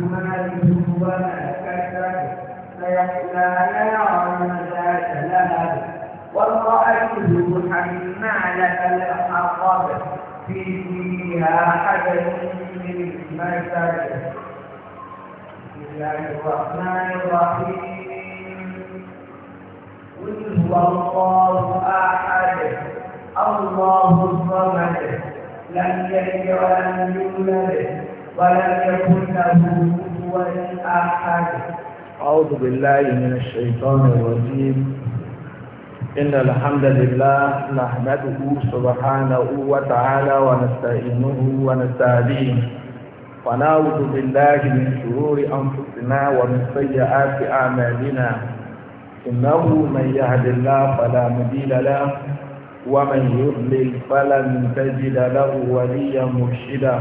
مالك وما كسب في جيدها من مسد بسم الله الرحمن الرحيم قل هو الله احد الله الصمد لم يلد ولم يولد ولم يكن له كفوا أحد أعوذ بالله من الشيطان الرجيم إن الحمد لله نحمده سبحانه وتعالى ونستعينه ونستهديه ونعوذ بالله من شرور أنفسنا ومن سيئات أعمالنا إنه من يهد الله فلا مضل له ومن يضلل فلن تجد له وليا مرشدا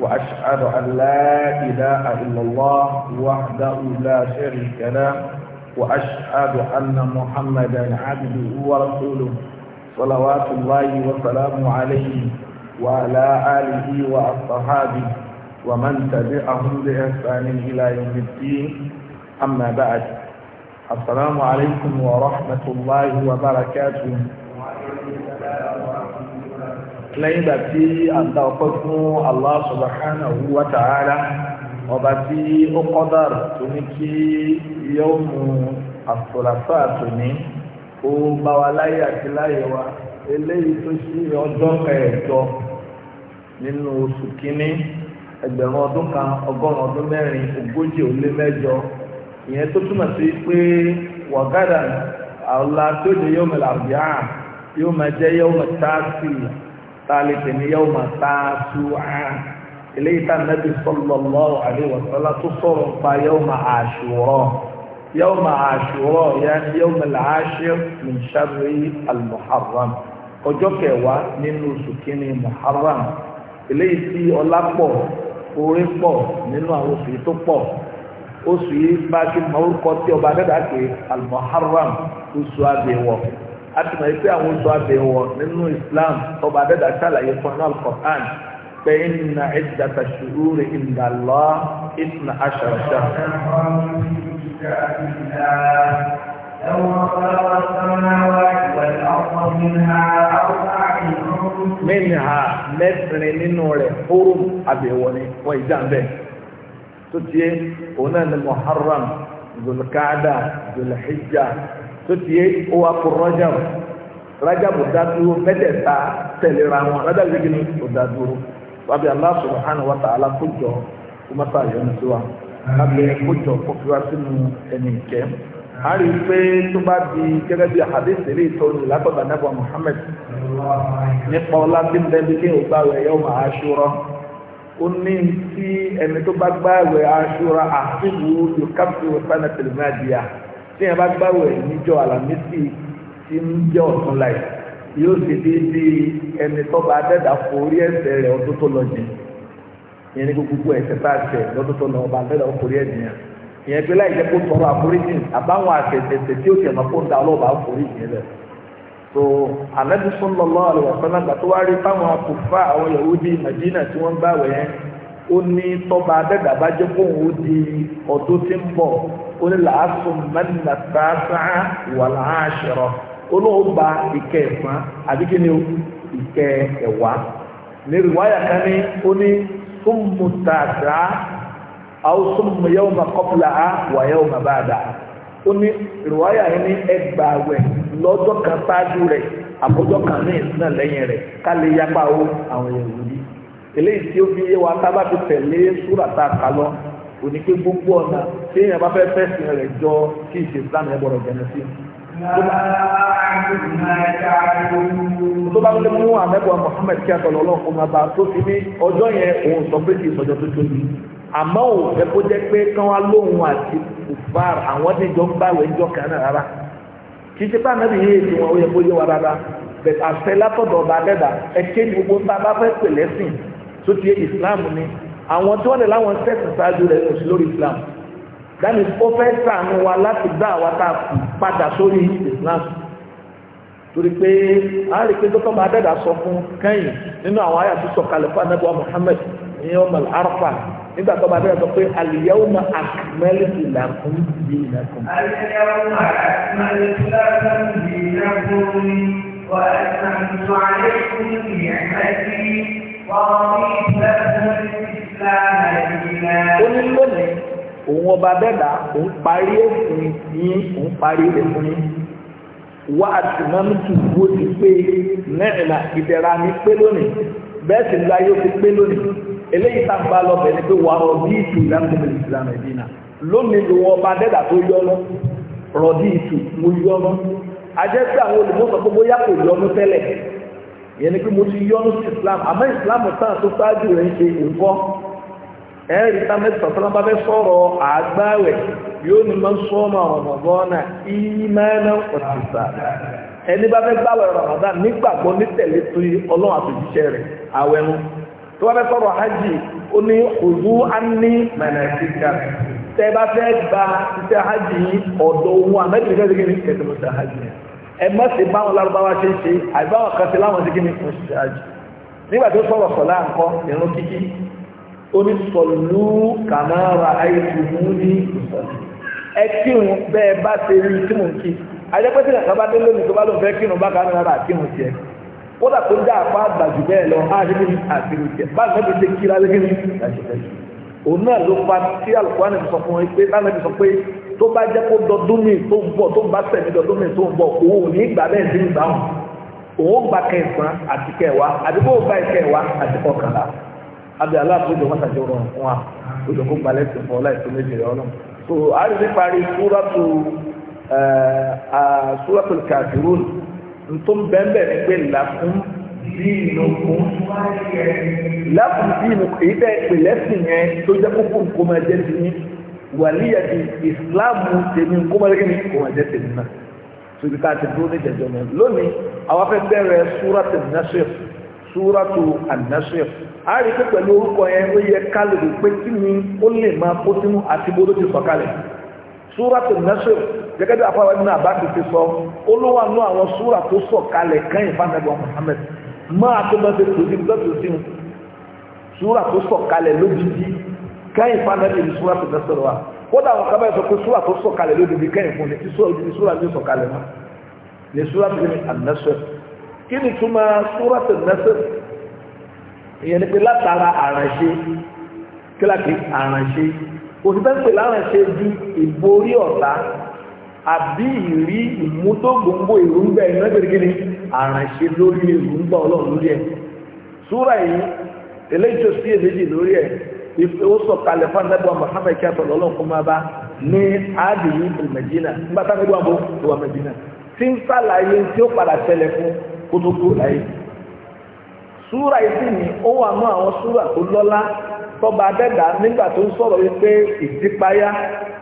وأشهد أن لا إله إلا الله وحده لا شريك له وأشهد أن محمدا عبده ورسوله صلوات الله وسلامه عليه وعلى آله وأصحابه ومن تبعهم بإحسان إلى يوم الدين أما بعد السلام عليكم ورحمة الله وبركاته وعليكم السلام ورحمة الله lẹ́yìn ìgbà tí a ń ta ọpẹ́ fún Allah subhanahu wa ta'ala ọba tí ó kọ́dàr tó ní kí yawmu àfòlàfà tó ní ó bá wa láyé àti láyé wa eléyìí tó ṣí ọjọ́ ẹ̀ẹ́dọ́ nínú oṣù kínní ẹgbẹ̀rún ọdún kan ọgọ́rùn ọdún mẹ́rin ogójì ó lé mẹ́jọ ìyẹn tó túmọ̀ sí pé wàgádà àwòlá tó di yawmul arbi'a yóò máa jẹ́ yawmul táàsì tálẹ́tẹ̀ ní yóò máa tá a tú àá eléyìí tá nàbí sallallahu alaihi wa sallam tó sọ̀rọ̀ pa yóò máa àṣùrọ̀ yóò máa àṣùrọ̀ yẹn yóò máa làásìr min sharri al-muharram ọjọ́ kẹwàá nínú oṣù kínní muharram eléyìí tí ọlá pọ̀ orí pọ̀ nínú àwọn oṣù tó pọ̀ oṣù yìí bá ti mọ orúkọ tí ọba dẹ́dàá pé al oṣù àbẹ̀wọ̀ a ti mọ̀ pé àwọn oṣù abẹ wọn nínú Islam ọba adẹ́dà ṣàlàyé fún anáà Qur'an pé inna iddata shuhuri inda Allah ìtìnà aṣàṣà. Mínìhà mẹ́sìnrin nínú rẹ̀ hóró àbẹ̀wọ̀ ni wọ́n ìjà ń bẹ̀. Tó tiẹ̀, òun náà ni Muharram, Zulkaada, Zulhijja, tó ti yé ó wá kó da rọ́jàmù dá dúró mẹ́tẹ̀ẹ̀ta tẹ̀léra wọn rọ́jàmù yìí ni ó dá dúró wàbí Allah subhanahu wa ta'ala kó jọ kó má fà yọ nítorí wa lábẹ́ kó jọ kó fi wá sínú ẹni ìkẹ́ a rí i pé tó bá di gẹ́gẹ́ bí àdéhùn eré ìtọ́jú látọ̀dá nàbà Muhammad nípa ọlá tí ń bẹ́ẹ̀ bí kí n ò gbà wẹ̀ yọ máa ṣúrọ́ ó ní tí ẹni tó bá gbà wẹ̀ aṣúra àfihàn yóò kápẹ́ wọ́n sánà tẹ̀lé náà di yà tí yẹn bá gbàwẹ̀ níjọ àlàmísì tí ń jẹ́ ọ̀tún láì yóò sì dé bí ẹni tọ́ba adẹ́dà forí ẹ̀ṣẹ̀ rẹ̀ ọdún tó lọ jìn ìyẹn ní gbogbo ẹ̀ṣẹ̀ tá a ṣẹ̀ lọ́dún tó lọ ọba adẹ́dà forí ẹ̀ṣẹ̀ yẹn ìyẹn pé láì jẹ́ kó tọrọ àforíjì àbáwọn àtẹ̀tẹ̀tẹ̀ tí ó tẹ̀mọ́ kó da ọlọ́ọ̀bà àforíjì rẹ̀ so Ànábì sallallahu alaihi wasallam tó wá rí táwọn akùnfà àwọn Yahudi Madina ó ní tọ́ba abẹ́gbà bá jẹ́ kó òun di ọdún tí ń bọ̀ ó ní làásù mẹ́lìlá sáásá wà láàṣẹrọ ó lóun gba ìkẹ́ ẹ̀fọn àbí kí ni ìkẹ́ ẹ̀wá ní rìwáyà kan ní ó ní súnmù tààtà àwọn súnmù yẹ́wò máa kọ́pìlà á wà yẹ́wò máa bá a dà ó ní rìwáyà yẹn ní ẹgbàáwẹ̀ lọ́jọ́ kan ṣáájú rẹ̀ àbójọ́ kan ní ìsúná lẹ́yìn rẹ̀ ká lè yapa owó àwọn èèyàn yìí eléyìí tí ó fi yé wa tá a bá ti tẹ̀lé súrà tá a kà lọ òní pé gbogbo ọ̀nà tí èèyàn bá fẹ́ fẹ́sìn rẹ̀ jọ kí ìṣe Islam yẹn gbọ́dọ̀ jẹ́nu sí. tó bá lè mú àmẹ́bọ̀ Muhammad kí àtọ̀lọ́ ọlọ́run kó máa bá a tó fi ní ọjọ́ yẹn òun sọ pé kì í sọjọ́ tó tóbi àmọ́ ò fẹ́ kó jẹ́ pé kán wá lóhun àti kùfàr àwọn níjọ ń bá wẹ́jọ́ kan náà rárá kì í ṣe bá àmẹ́bí yé ètò wọn ó yẹ kó yé wa rárá bẹ̀ẹ̀ àfẹ́ látọ̀dọ̀ ọba adẹ́dà ẹ tó ti islam ni àwọn tí wọ́n lè láwọn sẹ́ẹ̀sì ṣáájú rẹ̀ kò sí lórí islam dáni ó fẹ́ sàánú wa láti dá àwa tá a padà sórí islam torí pé a rí pé dókítà máa dẹ́dà sọ fún kẹ́yìn nínú àwọn àyà tó sọ kalẹ̀ fún anábọ̀ muhammed ní ọmọ arafa nígbà tó bá dẹ́rẹ́ sọ pé al-yawma akmaltu lakum dinakum. al-yawma akmaltu lakum dinakum wa atmamtu alaykum ni'mati ó ní lónìí òun ọba bẹ́ẹ̀dá òun parí ẹ̀sìn yín òun parí ẹ̀sìn yín wá àtìmọ́mí tù bó ti pé mẹ́rìnlá ìdẹ̀ra mi pé lónìí bẹ́ẹ̀ sì ní ayé ti pé lónìí eléyìí tá a bá lọ bẹ̀ ni pé wà á rọ bí ìtù ìdánkùnrin ìsìlámù ẹ̀dínà lónìí lòun ọba bẹ́ẹ̀dá tó yọ lọ rọ ìtù mo yọ lọ ajẹ́ àwọn olùmọ̀sọ̀ gbogbo yàtọ̀ yọ ìyẹn ni pé mo ti yọ́nú sí islam àmọ́ islam tán tó ṣáájú rẹ̀ ń ṣe nǹkan ẹ̀rí támẹ́tì sọ̀tàn bá fẹ́ sọ̀rọ̀ àgbáwẹ̀ yóò ní máa ń sọ ọmọ ọ̀rọ̀mọ̀gọ́nà ìmẹ́ẹ̀nà ọ̀tìsà ẹni bá fẹ́ gbáwẹ̀ Ramadan nígbàgbọ́ nítẹ̀lé torí ọlọ́run àtòjíṣẹ́ rẹ̀ àwẹ̀nu tó bá fẹ́ sọ̀rọ̀ hajj ó ní òzú ání mẹ̀nàkíkà tẹ́ bá fẹ́ gba iṣẹ́ hajj ọ̀dọ̀ ohun àmẹ́tì ẹ má ṣe báwọn lárúbáwá ṣe ń ṣe àgbáwọn kan ṣe láwọn síkí ní oṣìṣẹ́ àjò nígbà tó sọ̀rọ̀ sọ̀lá nǹkan ìrún kíkí ó ní sọ̀lú kàmáàrà àìsùnmú ní ìsọ̀lú ẹ kírun bẹ́ẹ̀ bá ṣe rí tí mò ń kí ajẹ́pẹ́sì nǹkan bá dé lónìí tó bá lóun fẹ́ kírun bá kàánú rárá àkírun tiẹ̀ kódà tó dá apá àgbàjù bẹ́ẹ̀ lọ áàdébí tó bá jẹ́ kó dọdún mi tó ń bọ̀ tó ń bá sẹ̀mí dọdún mi tó ń bọ̀ òun ò ní gbà bẹ́ẹ̀ sí ìgbà wọn òun gba kẹsàn-án àti kẹwàá àdúgbò gba ìkẹwàá àti kọkànlá abẹ́ aláàbòjò mọ́tàjọ́ rọ̀ fún wa òjò kó gbalẹ̀ sí fún ọlá ìtọ́ méjì rẹ̀ ọlọ́run so àrídì parí súrọ́tù súrọ́tù kàfírún tó ń bẹ́ẹ̀ ní pé làkún dínùkún làkún dínùkún èyí tẹ́ ìpìlẹ́sìn yẹn tó jẹ́ kókó nǹkan máa jẹ́ sí yín wàlíyà di ìsìláàmù tèmi kọ́mọ́lẹ́kẹ́ ni kò wọ́n jẹ́ tèmi náà tóbi ká ti dúró ní jẹjọ náà lónìí àwọn afẹ́ bẹ̀rẹ̀ súrátù nasir súrátù anasir a rí pé pẹ̀lú orúkọ yẹn ó yẹ ká lè rò pé kí ni ó lè máa kó sínú àti bó ló ti sọ kalẹ̀ súrátù nasir gẹ́gẹ́ bí afáwọn ẹni náà bá ti ti sọ olówó àánú àwọn súrà tó sọ kalẹ̀ kẹ́yìn fanagbọ Muhammad máa tó bá ti tòjú lọ́tòsí súrà tó sọ kalẹ̀ lójijì kẹ́yìn fún anabi ní súra tó dẹ́sẹ̀ wa kódà àwọn kábàáyé sọ pé súra tó sọ kalẹ̀ lóde bí kẹ́yìn fún ní tí súra ní súra mọ́ ní súra tó ní anasir kí ni túmọ̀ súra tó nasir ìyẹn ni pé látara àrànṣe kíláàkì àrànṣe òṣìṣẹ́ lárànṣe ju ìborí ọ̀tá àbí ìrí ìmútógbòǹgbò ìrúngbà ìrìnà gẹ́gẹ́gẹ́ni àrànṣe lórí ìrúngbà ọlọ́run lórí ẹ̀ súra yìí eléyìí tó sí èméjì lórí ẹ̀ ó sọ kalẹ̀ fún anábọ̀ Muhammad kí atọ̀ lọ́lọ́ fún nígbà wọn bó wà mẹ̀jìnà tí ń sàlàyé tí ó padà ṣẹlẹ̀ fún láyé. súra ni ó wà mọ́ àwọn súra tó lọ́lá tọba adẹ́gà nígbà tó ń sọ̀rọ̀ yìí pé ìdípayá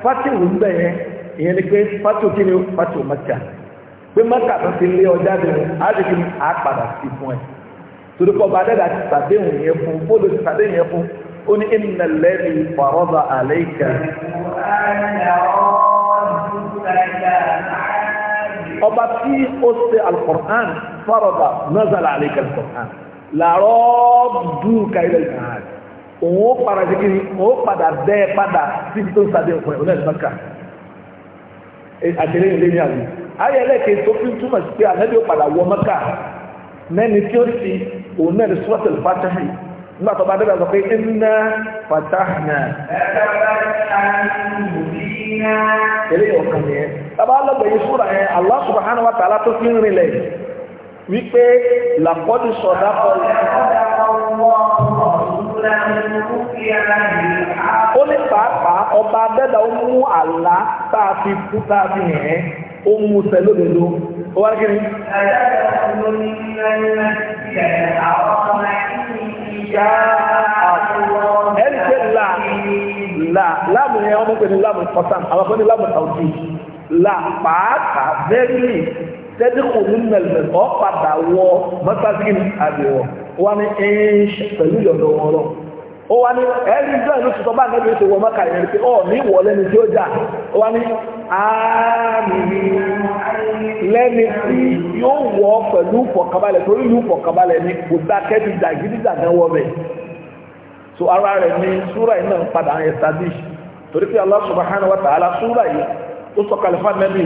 fátìwù ń bẹ̀ yẹn ìyẹn ni pé fátìwù kí ni fátìwù mẹ́ta pé tó ti ó ní ìnà lẹ́nu fàrọ́bà àlẹ́kà ọba tí ó ṣe alkùnrán fàrọ́bà nazala àlẹ́kà alkùnrán làárọ̀ dúkà ilẹ̀ ìhàn òun ó padà sí kiri òun ó padà bẹ́ẹ̀ padà títí tó ń sáré ọkùnrin òun náà lọ́kà àtẹlẹ́yìn ní àlè ayé ẹlẹ́kẹ̀ẹ́ tó fi túmọ̀ sí pé ànábì ó padà wọ Mẹ́kà mẹ́ni tí ó ti òun náà lè sọ́tẹ̀lì fàtẹ́hìn nígbà tó bá dẹ́gbà sọ pé iná fatahna ilé ọ̀kan yẹn Allah subhanahu wa ta'ala tó fi ń rinlẹ̀ wípé làkọ́dù sọ̀dá kọ́ ó ní pàápàá ọba dẹ́gbà ó mú àlá tá a fi kú ṣá àfọwọ́. ẹni pé là là láàmù yẹn wọ́n pè ní láàmù kọ́tà àwọn kan ní láàmù tàwùjì là pàápàá bẹ́ẹ̀ni tẹ́díkù nínú ẹ̀lẹ́ ọ̀padà wọ mọ́tàkì àbẹ̀wọ̀ wọn ni ẹ̀ ń pẹ̀lú wọn lọ ó wá ní ẹ̀rí ìjọ ìlú tuntun bá nẹ́bí ètò wọ mọ́kà ìrìn pé ọ̀ ní ìwọ̀ lẹ́ni tí ó jà ó wá ní àmì lẹ́ni tí yóò wọ̀ pẹ̀lú fọ̀kàbalẹ̀ torí ìlú fọ̀kàbalẹ̀ ni kò dá kẹ́bí jàgídíjà so ara rẹ̀ ni súrà yìí náà padà establish torí pé Allah subhanahu wa ta'ala súrà yìí ó sọ kàlífà nẹ́bí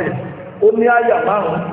ní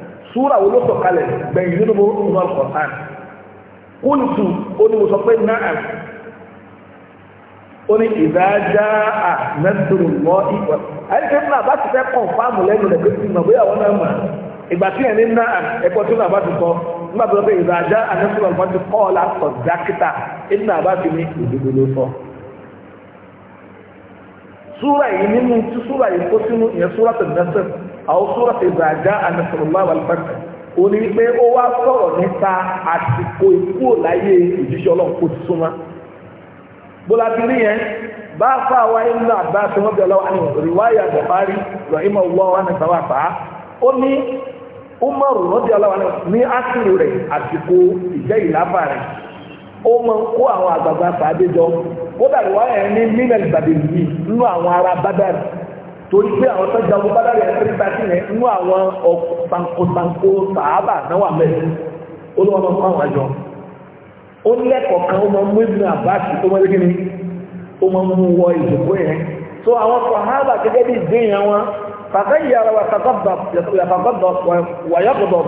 súra wo ló sọ̀kalẹ̀ gbẹ̀yìn nínú mo nínú alukọ̀tán kúntù ó ní mo sọ pé náà ó ní ìdájá à mẹ́tòrò mọ́ ìgbà àyíké fún àbá ti fẹ́ kàn fáàmù lẹ́nu rẹ̀ pé ìmọ̀ bóyá wọn náà mà ìgbà tí ẹni náà ẹ̀kọ́ tí nàbá ti sọ nígbà tó lọ́pẹ́ ìdájá à mọ́ ti kọ́ ọ̀la dákítà ẹni nàbá ti ní òdodo ló sọ. súra yìí nínú tí súra yìí kó sínú ìyẹn súra tẹ̀lé àwọn sóra ti gbàgbá àmìsọ̀rọ̀lá wà lùbẹ́kẹ̀ ó ní pé ó wá sọ̀rọ̀ nípa àsìkò ikú òláyé òjíṣẹ́ ọlọ́run kò ti súnmọ́ bóla ti rí yẹn bá a fà wá nínú àbá tí wọ́n bí ọlọ́wọ́ àníwọ̀n rìwáyà bọ̀bárí rahimah wọ́n wà ní sáwà fà á ó ní umaru rọ́bì ọlọ́wọ́ ní àsìrò rẹ̀ àsìkò ìjẹ́ ìlàbà rẹ̀ ó máa kó àwọn àgbàgbà fàábẹ́jọ kódà rìwáyà yẹn ní mílẹ̀ torí pé àwọn tó jagun bá dàgbà ẹ̀rí pàṣẹ rẹ̀ nínú àwọn ọ̀pọ̀tàǹkó sàábà náà wà mẹ́rin ó lọ́wọ́ máa ń kọ́ àwọn àjọ ó lẹ́kọ̀ọ́ kan ó máa ń mú ìbùnú àbáṣì ó máa ń kíni ó máa ń mú wọ ìdìbò yẹn so àwọn sàábà gẹ́gẹ́ bí ìdí yẹn wọn kàkà yìí ara wa kàkàbà wàyàkọ̀dọ̀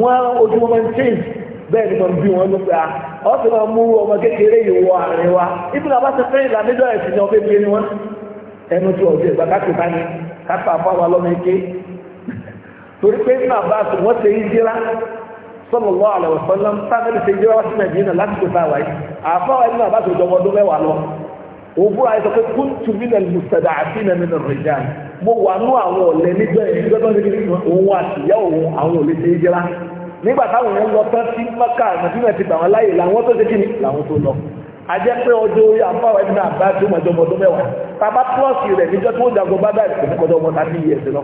wọn ojú wọn máa ń change bẹ́ẹ̀ ni wọn bí wọn ló pé a ọ máa mú ọmọ kékeré yìí wọ àárín wa ìbùnú àbáṣe ẹnu tí ọjọ́ ìgbà káàkiri bá ní kápá àfáwà lọ́mọ ike torí pé nínú àbá àti wọ́n ṣe ìjírá sallallahu alaihi wasallam tábìlì ṣe ìjírá wá sí nàìjíríà láti kò sáà wáyé àfáwà nínú àbá àti ọjọ́ ọdún mẹ́wàá lọ òwúrọ̀ àìsàn pé kuntu minal mustada'afina minar rijal mo wà nú àwọn ọ̀lẹ́ níjọ́ ìjọba ní òun àtìyá òun àwọn òlè ṣe ìjírá nígbà táwọn èèyàn lọ kí ni làwọn tó bàbá plọ́ọ̀sì rẹ̀ níjọ́ tí wọ́n jagun bá báyìí kò ní kọjá ọmọ tàbí iye ẹ̀sìn lọ.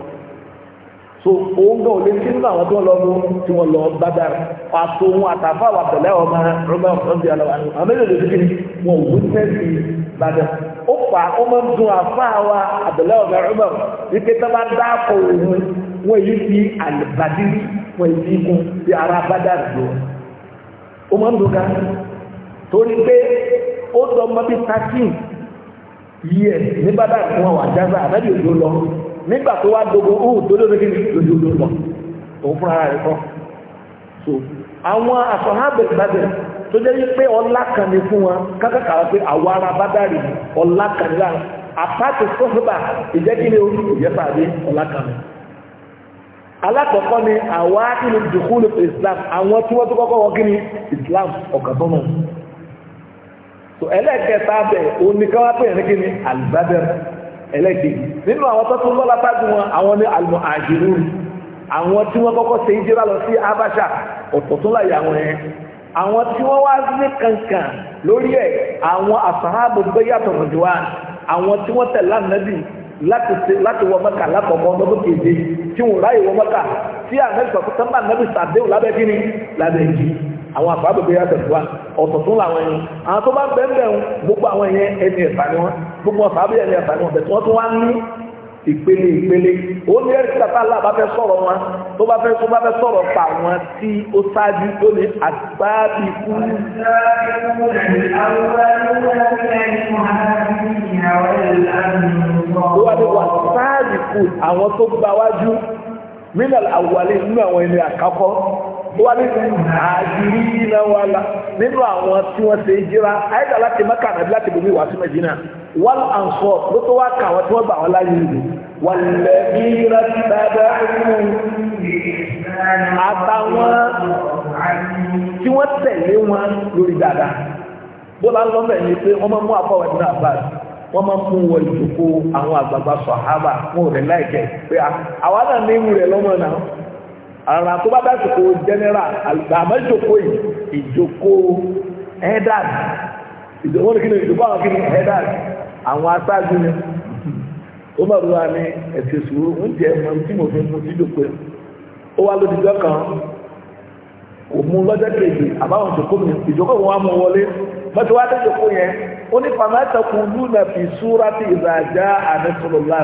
so òun náà lè sí nínú àwọn tó lọ mú tí wọ́n lọ bá báyìí pàtó wọn àtàfà wà pẹ̀lẹ́ ọmọ rọ́bà ọ̀sẹ̀ àlọ́ àmì lè fi kiri wọn ò wítẹ́sì bàbá ó fà ó máa ń dun àfà wa àbẹ̀lẹ́ ọmọ rọ́bà wípé tó bá dá àpò òun wọn yìí fi àlùbàdìrí wọn yìí fi kún bí ara bá dà lọ ó máa ń dun ká torí pé ó dọ́ mọ́ bí 13 yíyẹ ní bàbá àti wọn wà jáza àbẹ́bí òjò lọ nígbà tó wá dogo ohun tó lóde kí ni lójú òjò lọ òun fúnra rẹ̀ kọ́ so àwọn àsọ̀hábẹ̀ ìbàdàn tó jẹ́ pé ọlá kan ní fún wọn kákàkà wọn pé àwọn ará bá dárì ọlá kan ní láàrín àpáàtì sọ́sọ́bà ìjẹ́kílẹ̀ orí ìjẹ́pàdé ọlá kan ní alákọ̀ọ́kọ́ ni àwọn ìlú dùkúlù islam àwọn tí wọ́n tó kọ́kọ́ wọ́n kí ni islam ọ̀gàbọ́nà so ẹlẹ́ẹ̀kẹta bẹ̀ oníkan wá pè ni alibadẹ́rẹ́ ẹlẹ́ẹ̀kejì nínú àwọn tó tún lọ́la tájú wọn àwọn ní alimọ̀ àjẹrú àwọn tí wọ́n kọ́kọ́ ṣe ìjẹ́ra lọ sí abáṣà ọ̀pọ̀ tó láyé àwọn yẹn àwọn tí wọ́n wá ní kankan lórí ẹ̀ àwọn àfahàbò gbéyàtọ̀ rìndíwá àwọn tí wọ́n tẹ̀lé ànábì láti wọ mọ́kà lákọ̀ọ́kọ́ lọ́dún kéde tí wọ́n ráyè wọ mọ́kà tí ànábì sọ̀tún tẹ́ḿbà ànábì sàdéhùn lábẹ́ kí ni lábẹ́ àwọn àfàbẹ̀bẹ̀ yà tẹ̀sí wa ọ̀tọ̀tún làwọn ẹni àwọn tó bá bẹ́ẹ̀ gbogbo àwọn ẹ̀yẹn ẹni ẹ̀fà ni wọn gbogbo àfàbẹ̀ ẹni ẹ̀fà ni wọn bẹ̀tẹ̀ wọ́n tún wá ní ìpele ìpele ó ní ẹ̀rí tata Allah bá fẹ́ sọ̀rọ̀ wọn tó bá fẹ́ tó bá fẹ́ sọ̀rọ̀ pa wọn àwọn tó gbáwájú mílíọ̀nù àwùwalé àwọn ẹni àkọ́kọ́ wọ́n ní àjírí na wa la nínú àwọn tí wọ́n ṣe jíra àyíká láti mẹ́ka àbí láti bòmí wá sí mẹ́jìnà wọ́n àn sọ ló tó wá kà wọ́n tí wọ́n gbà wọ́n láyé ìlú wọ́n lẹ̀ ní ìrẹ́ dáadáa àtàwọn tí wọ́n tẹ̀lé wọn lórí dáadáa bọ́lá ń lọ bẹ̀ ni pé wọ́n máa mú àfọwọ́ wọ́n máa mú wọ àwọn àgbààgbà fún ara tó bá dásìkò general àgbàmọ́ ìjòkó yìí ìjòkó headers ìjòkó ní kíni ìjòkó àwọn kíni headers àwọn aṣáájú ni ó bá rúwa ní ẹ̀sẹ̀ sùúrù ń jẹ́ ẹ̀mọ́ tí mo fi mú sí ìjòkó yìí ó wá lójijọ́ kan kò mú lọ́jọ́ kejì àbáwọn ìjòkó mi ìjòkó wọn wá mú wọlé mọ́tò wá dé ìjòkó yẹn ó ní pàmò ẹ̀tọ́kùn lúnà fi súrà ti ìgbà já àdéṣọlọ́lá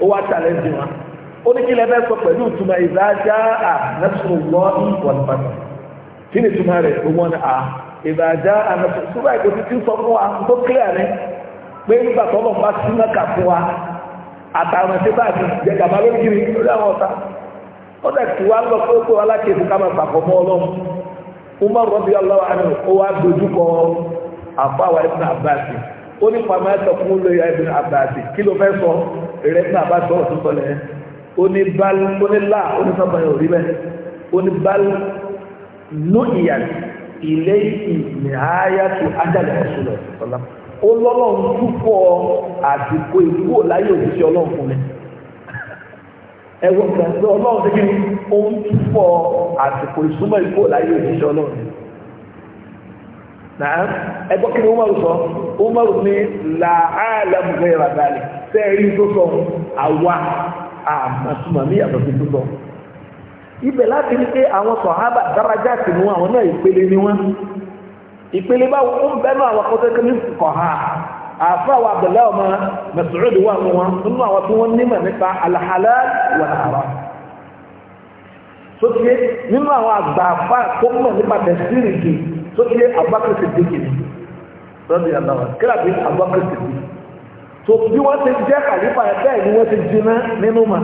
ìwà oníkìlẹ̀ bẹ́ẹ̀ sọ pẹ̀lú ìtumọ̀ ìdájá à nẹ́sùn wọ́n ìwọ̀n pàtó kí ni ìtumọ̀ rẹ̀ ó wọ́n à ìdájá à nẹ́sùn ṣùgbọ́n àìkò ti sọ fún wa tó kílẹ̀ rẹ̀ pé nígbà tó lọ́n bá sí mẹ́ka fún wa àtàwọn ẹ̀sẹ̀ báàgì jẹ gàmà lórí kiri lórí àwọn ọ̀tá ó dẹ̀ tí wàá lọ pé ó pé wọn alákèésí ká máa pàkọ́ mọ́ ọlọ́run umar rọ́bì aláwọ̀ àná ó wá dojú kọ àfáwà ibn abbas ó ní pàmò ẹ̀sọ̀ fún lóye ibn abbas kí ló fẹ́ sọ ìrẹ́sìn abbas ọ̀tún sọ lẹ́yìn oni bal oni la oni sábà yóò rí bẹ́ẹ̀ oni bal ló ìyà ilé ìnìyàyà tó ájàlẹ̀ ẹ̀sùn lọ sọlá ó lọ́lọ́run túfọ̀ àsìkò ìkú láyé òṣìṣẹ́ ọlọ́run fún mi ẹwọ gbàgbé ọlọ́run tó kiri ó ń túfọ̀ àsìkò ìsúnmọ́ ìkú láyé òṣìṣẹ́ ọlọ́run náà ẹgbọ́n kí ni Umaru sọ Umaru ní làálàmù gbẹ̀rẹ̀ sẹ́ẹ̀rí tó sọ àwa àmàtúmọ̀ ní yàtọ̀ sí túbọ̀ ibẹ̀ láti ní pé àwọn sọ̀hábà dáradá sí mú àwọn náà ìpele ni wọ́n ìpele báwo ó ń bẹ́nu àwọn akọ́tẹ́kẹ́ ní kọ̀ọ̀há àfa àwọn àbẹ̀lẹ́ ọmọ mẹsùlùmí wà mú wọn nínú àwọn tí wọ́n nímọ̀ nípa alàhálà wà nàrà sókè nínú àwọn àgbà àfa tó mọ̀ nípa tẹ̀sírìkì sókè àbákẹ́sì dìkì rọ́bì àdáwà kíláàbí àbákẹ́sì dìkì so bí wọ́n ti jẹ́ kàlífà bẹ́ẹ̀ ni wọ́n ti jiná nínú ma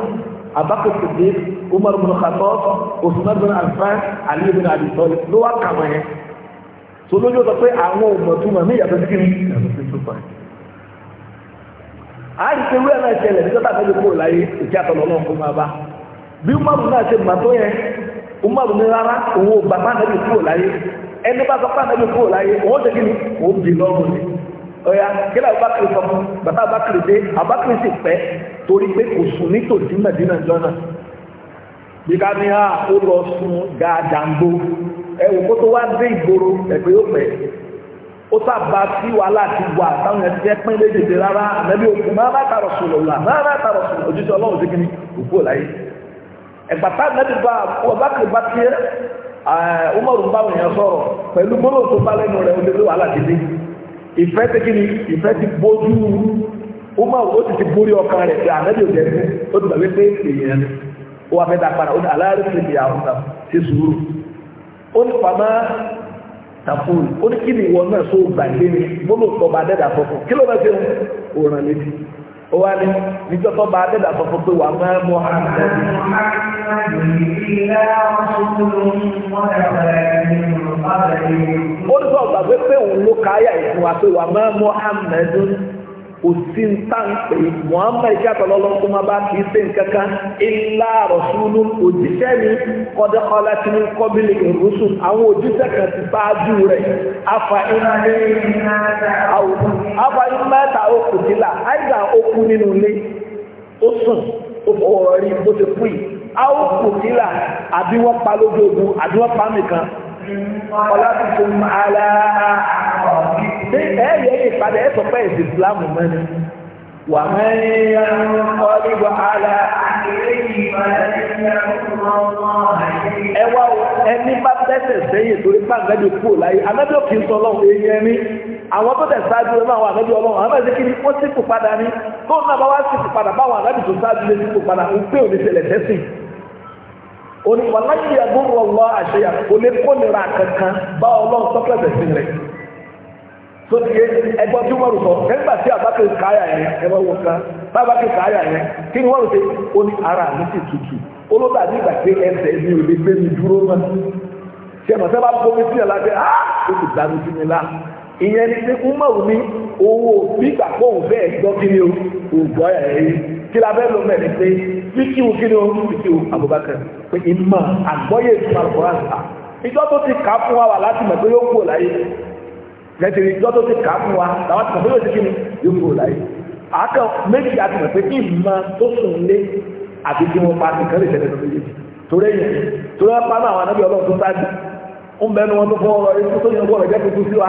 abakọ sèdè umar bin khattab usman bin affan ali bin abi talib ló wá kàmá yẹn so lójú sọ pé àwọn òmùtúmọ̀ mí yàtọ̀ sí kíni yàtọ̀ sí súpà yìí àyè ti wúlò náà ṣẹlẹ̀ nígbà tó ti kúrò láyé ìjà tọ̀lọ̀ náà kó máa bá bí umaru náà ṣe màtó yẹn umaru ní rárá òun ò bàbá náà ti kúrò láyé ẹni bá sọ pé àná ti láyé òun ó ṣe kí òun bì lọ́rùn ni. ọ̀yà kílà abakiri sọ fún bàtà abakiri dé abakiri sì pẹ́ torí pé kò sùn nítòsí mẹ́dínà jọ náà ní a ah, ó lọ sùn gàdàǹgbò ẹ̀wò kó tó wá dé ìgboro ẹ̀pẹ́ yóò pẹ́ ó sábà sí wàhálà ti wà táwọn ẹ̀sìn lédèdè rárá máa bá sùn lọ́la máa bá sùn ojúṣe ọlọ́run sí abakiri bá sọ̀rọ̀ pẹ̀lú tó bá ìfẹ́ tí kí ni ìfẹ́ ti bójú umar ó ti ti borí ọkàn rẹ̀ pé ànábì òjẹ́ fún ó ti gbàgbé pé èèyàn ni ó wà fẹ́ dá padà ó ní aláàrí sí ìyá ọ̀sán sí sùúrù ó ní pàmà tàfún ó ní kí ni ìwọ náà só gbàgbé ni bólú ọba dẹ́dà fọ́fún kí ló bá ṣe ń òràn létí ó wá ní níjọ́ tó bá dẹ́dà sọ fún pé wà á máa mú hàn lẹ́bi. ó ní sọ gbàgbé pé òun ló káyà ìfún wa pé wà á máa mú hàn lẹ́bi. òsì ń muhammed jàpọ̀ bá kì í ṣe nǹkan kan ilá rọ̀ṣúlù òjíṣẹ́ mi kọ́dẹ́kọ́lá awon ń kọ́bílì ti ṣáájú rẹ̀ afa inú mẹ́ta okùn nílà àìgbà okùn nínú ilé ó sùn ó fọwọ́ kú yìí àwọn okùn pa ọlọ́run tó ń ala ṣé ẹ̀yẹ́ lè padà ẹ̀ sọ pé èsì ìsìlámù mẹ́ni wà mẹ́rin ọ̀dìbò ala ẹ wá ẹni bá tẹ́sẹ̀ sẹ́yìn torí bá àgbẹ̀dẹ̀ kú láyé àgbẹ̀dẹ̀ kì í sọ ọlọ́run èyí ẹni àwọn tó tẹ̀ ṣáájú lọ́nà àwọn àgbẹ̀dẹ̀ ọlọ́run àwọn àgbẹ̀dẹ̀ kì í wọ́n sì kú padà ní tó náà bá wá sì kú padà báwọn àgbẹ̀dẹ̀ tó ṣáájú lé sí kú padà ń pè òní tẹ̀lẹ̀ tẹ́sìn oníwàláyé yàgòrò ọlọ àṣeyà kò lè kólera kankan bá ọlọ́run sọ́kẹ́tẹ̀ sí rẹ̀ tó ti yé ẹgbọ́n tí wọ́n sọ nígbà tí àbákẹ́ káyà yẹn ẹgbọ́n wọn kan bábákẹ́ káyà yẹn kí ni wọ́n ṣe ó ní ara mi ti tutù olóògbà nígbà pé ẹsẹ̀ mi ò lè gbé mi dúró mọ́ tí ẹ̀mọ̀ sábà gbómi sí ẹ̀ lábẹ́ á ah! ó ti dànù sí mi lá ìyẹn ni pé umaru ní owó bígbà kó òun bẹ́ẹ̀ gbọ́ kí ni o ògbọ́ ẹ̀ rí kí la bẹ́ẹ̀ ló mẹ́rin pé fíkìwù kí ni o fíkìwù Abubakar pé ìmọ̀ àgbọ́yé ìtumọ̀ àlùkòrán ta ìjọ tó ti kà á fún wa wà láti mọ̀ pé yóò kúrò láyé lẹ́tìrì ìjọ tó ti kà á fún wa làwọn ti mọ̀ pé yóò ti kí ni yóò kúrò láyé àákàn méjì àti mọ̀ pé kí ìmọ̀ tó sùn lé àti kí wọ́n pa nìkan lè tẹ̀lé lórí yìí torí èyàn torí wọn pa náà àwọn anábì Ọlọ́run tó ń bẹnu wọn tó fọwọ́ rọ ikú tó yẹ kó rẹ̀ jẹ́ tuntun sí wa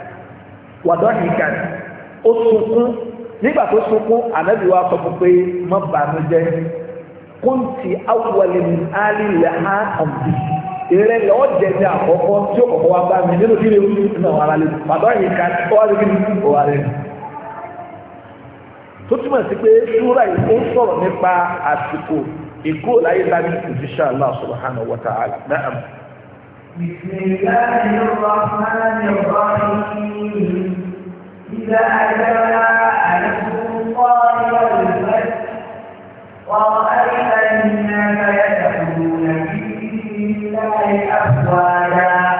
wàdọ́ nìkan ó sunkún nígbà tó sunkún ànábì wa sọ fún pé má bànújẹ́ kóńtì awọlẹ̀ ní alilẹ̀ ha ọ̀bì ìrẹ́ lẹ́ ọ jẹjẹ àkọ́kọ́ tí ó kọ̀kọ́ bá mi nínú kí ni ó ní ìtúná wàrà lẹ́nu wàdọ́ nìkan ó tó túmọ̀ sí pé yìí ó sọ̀rọ̀ nípa àsìkò láyé بسم الله الرحمن الرحيم إذا جاء أنفر الله والفتح ورأيت الناس يدخلون في الله أفواجا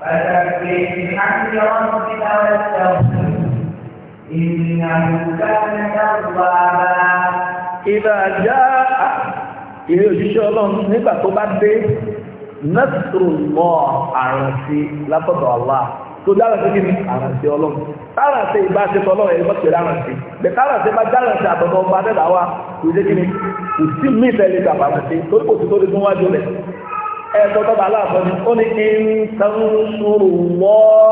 فسبح بحمد ربك واستغفر إنه كان توابا إذا جاء ilé òṣìṣẹ́ ọlọ́run nígbà tó bá dé nasrullah àrànṣe látọ̀dọ̀ Allah tó dára sí kíni àrànṣe ọlọ́run tárànṣe ìbá ṣe tọ́lọ́ ẹ̀ lọ́pọ̀ pẹ̀lú àrànṣe bẹ̀ tárànṣe bá járànṣe àtọ̀dọ̀ ọba dẹ́dà wa kò jẹ́ kíni kò sí mí ìfẹ́lẹ́ ìgbà àrànṣe torí kò sí tó lè tún rẹ̀ ẹ̀ tọ́tọ́ bá aláàfọ́ ni ó ní kí ń sanṣúrù wọ́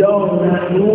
yọ̀ọ̀nù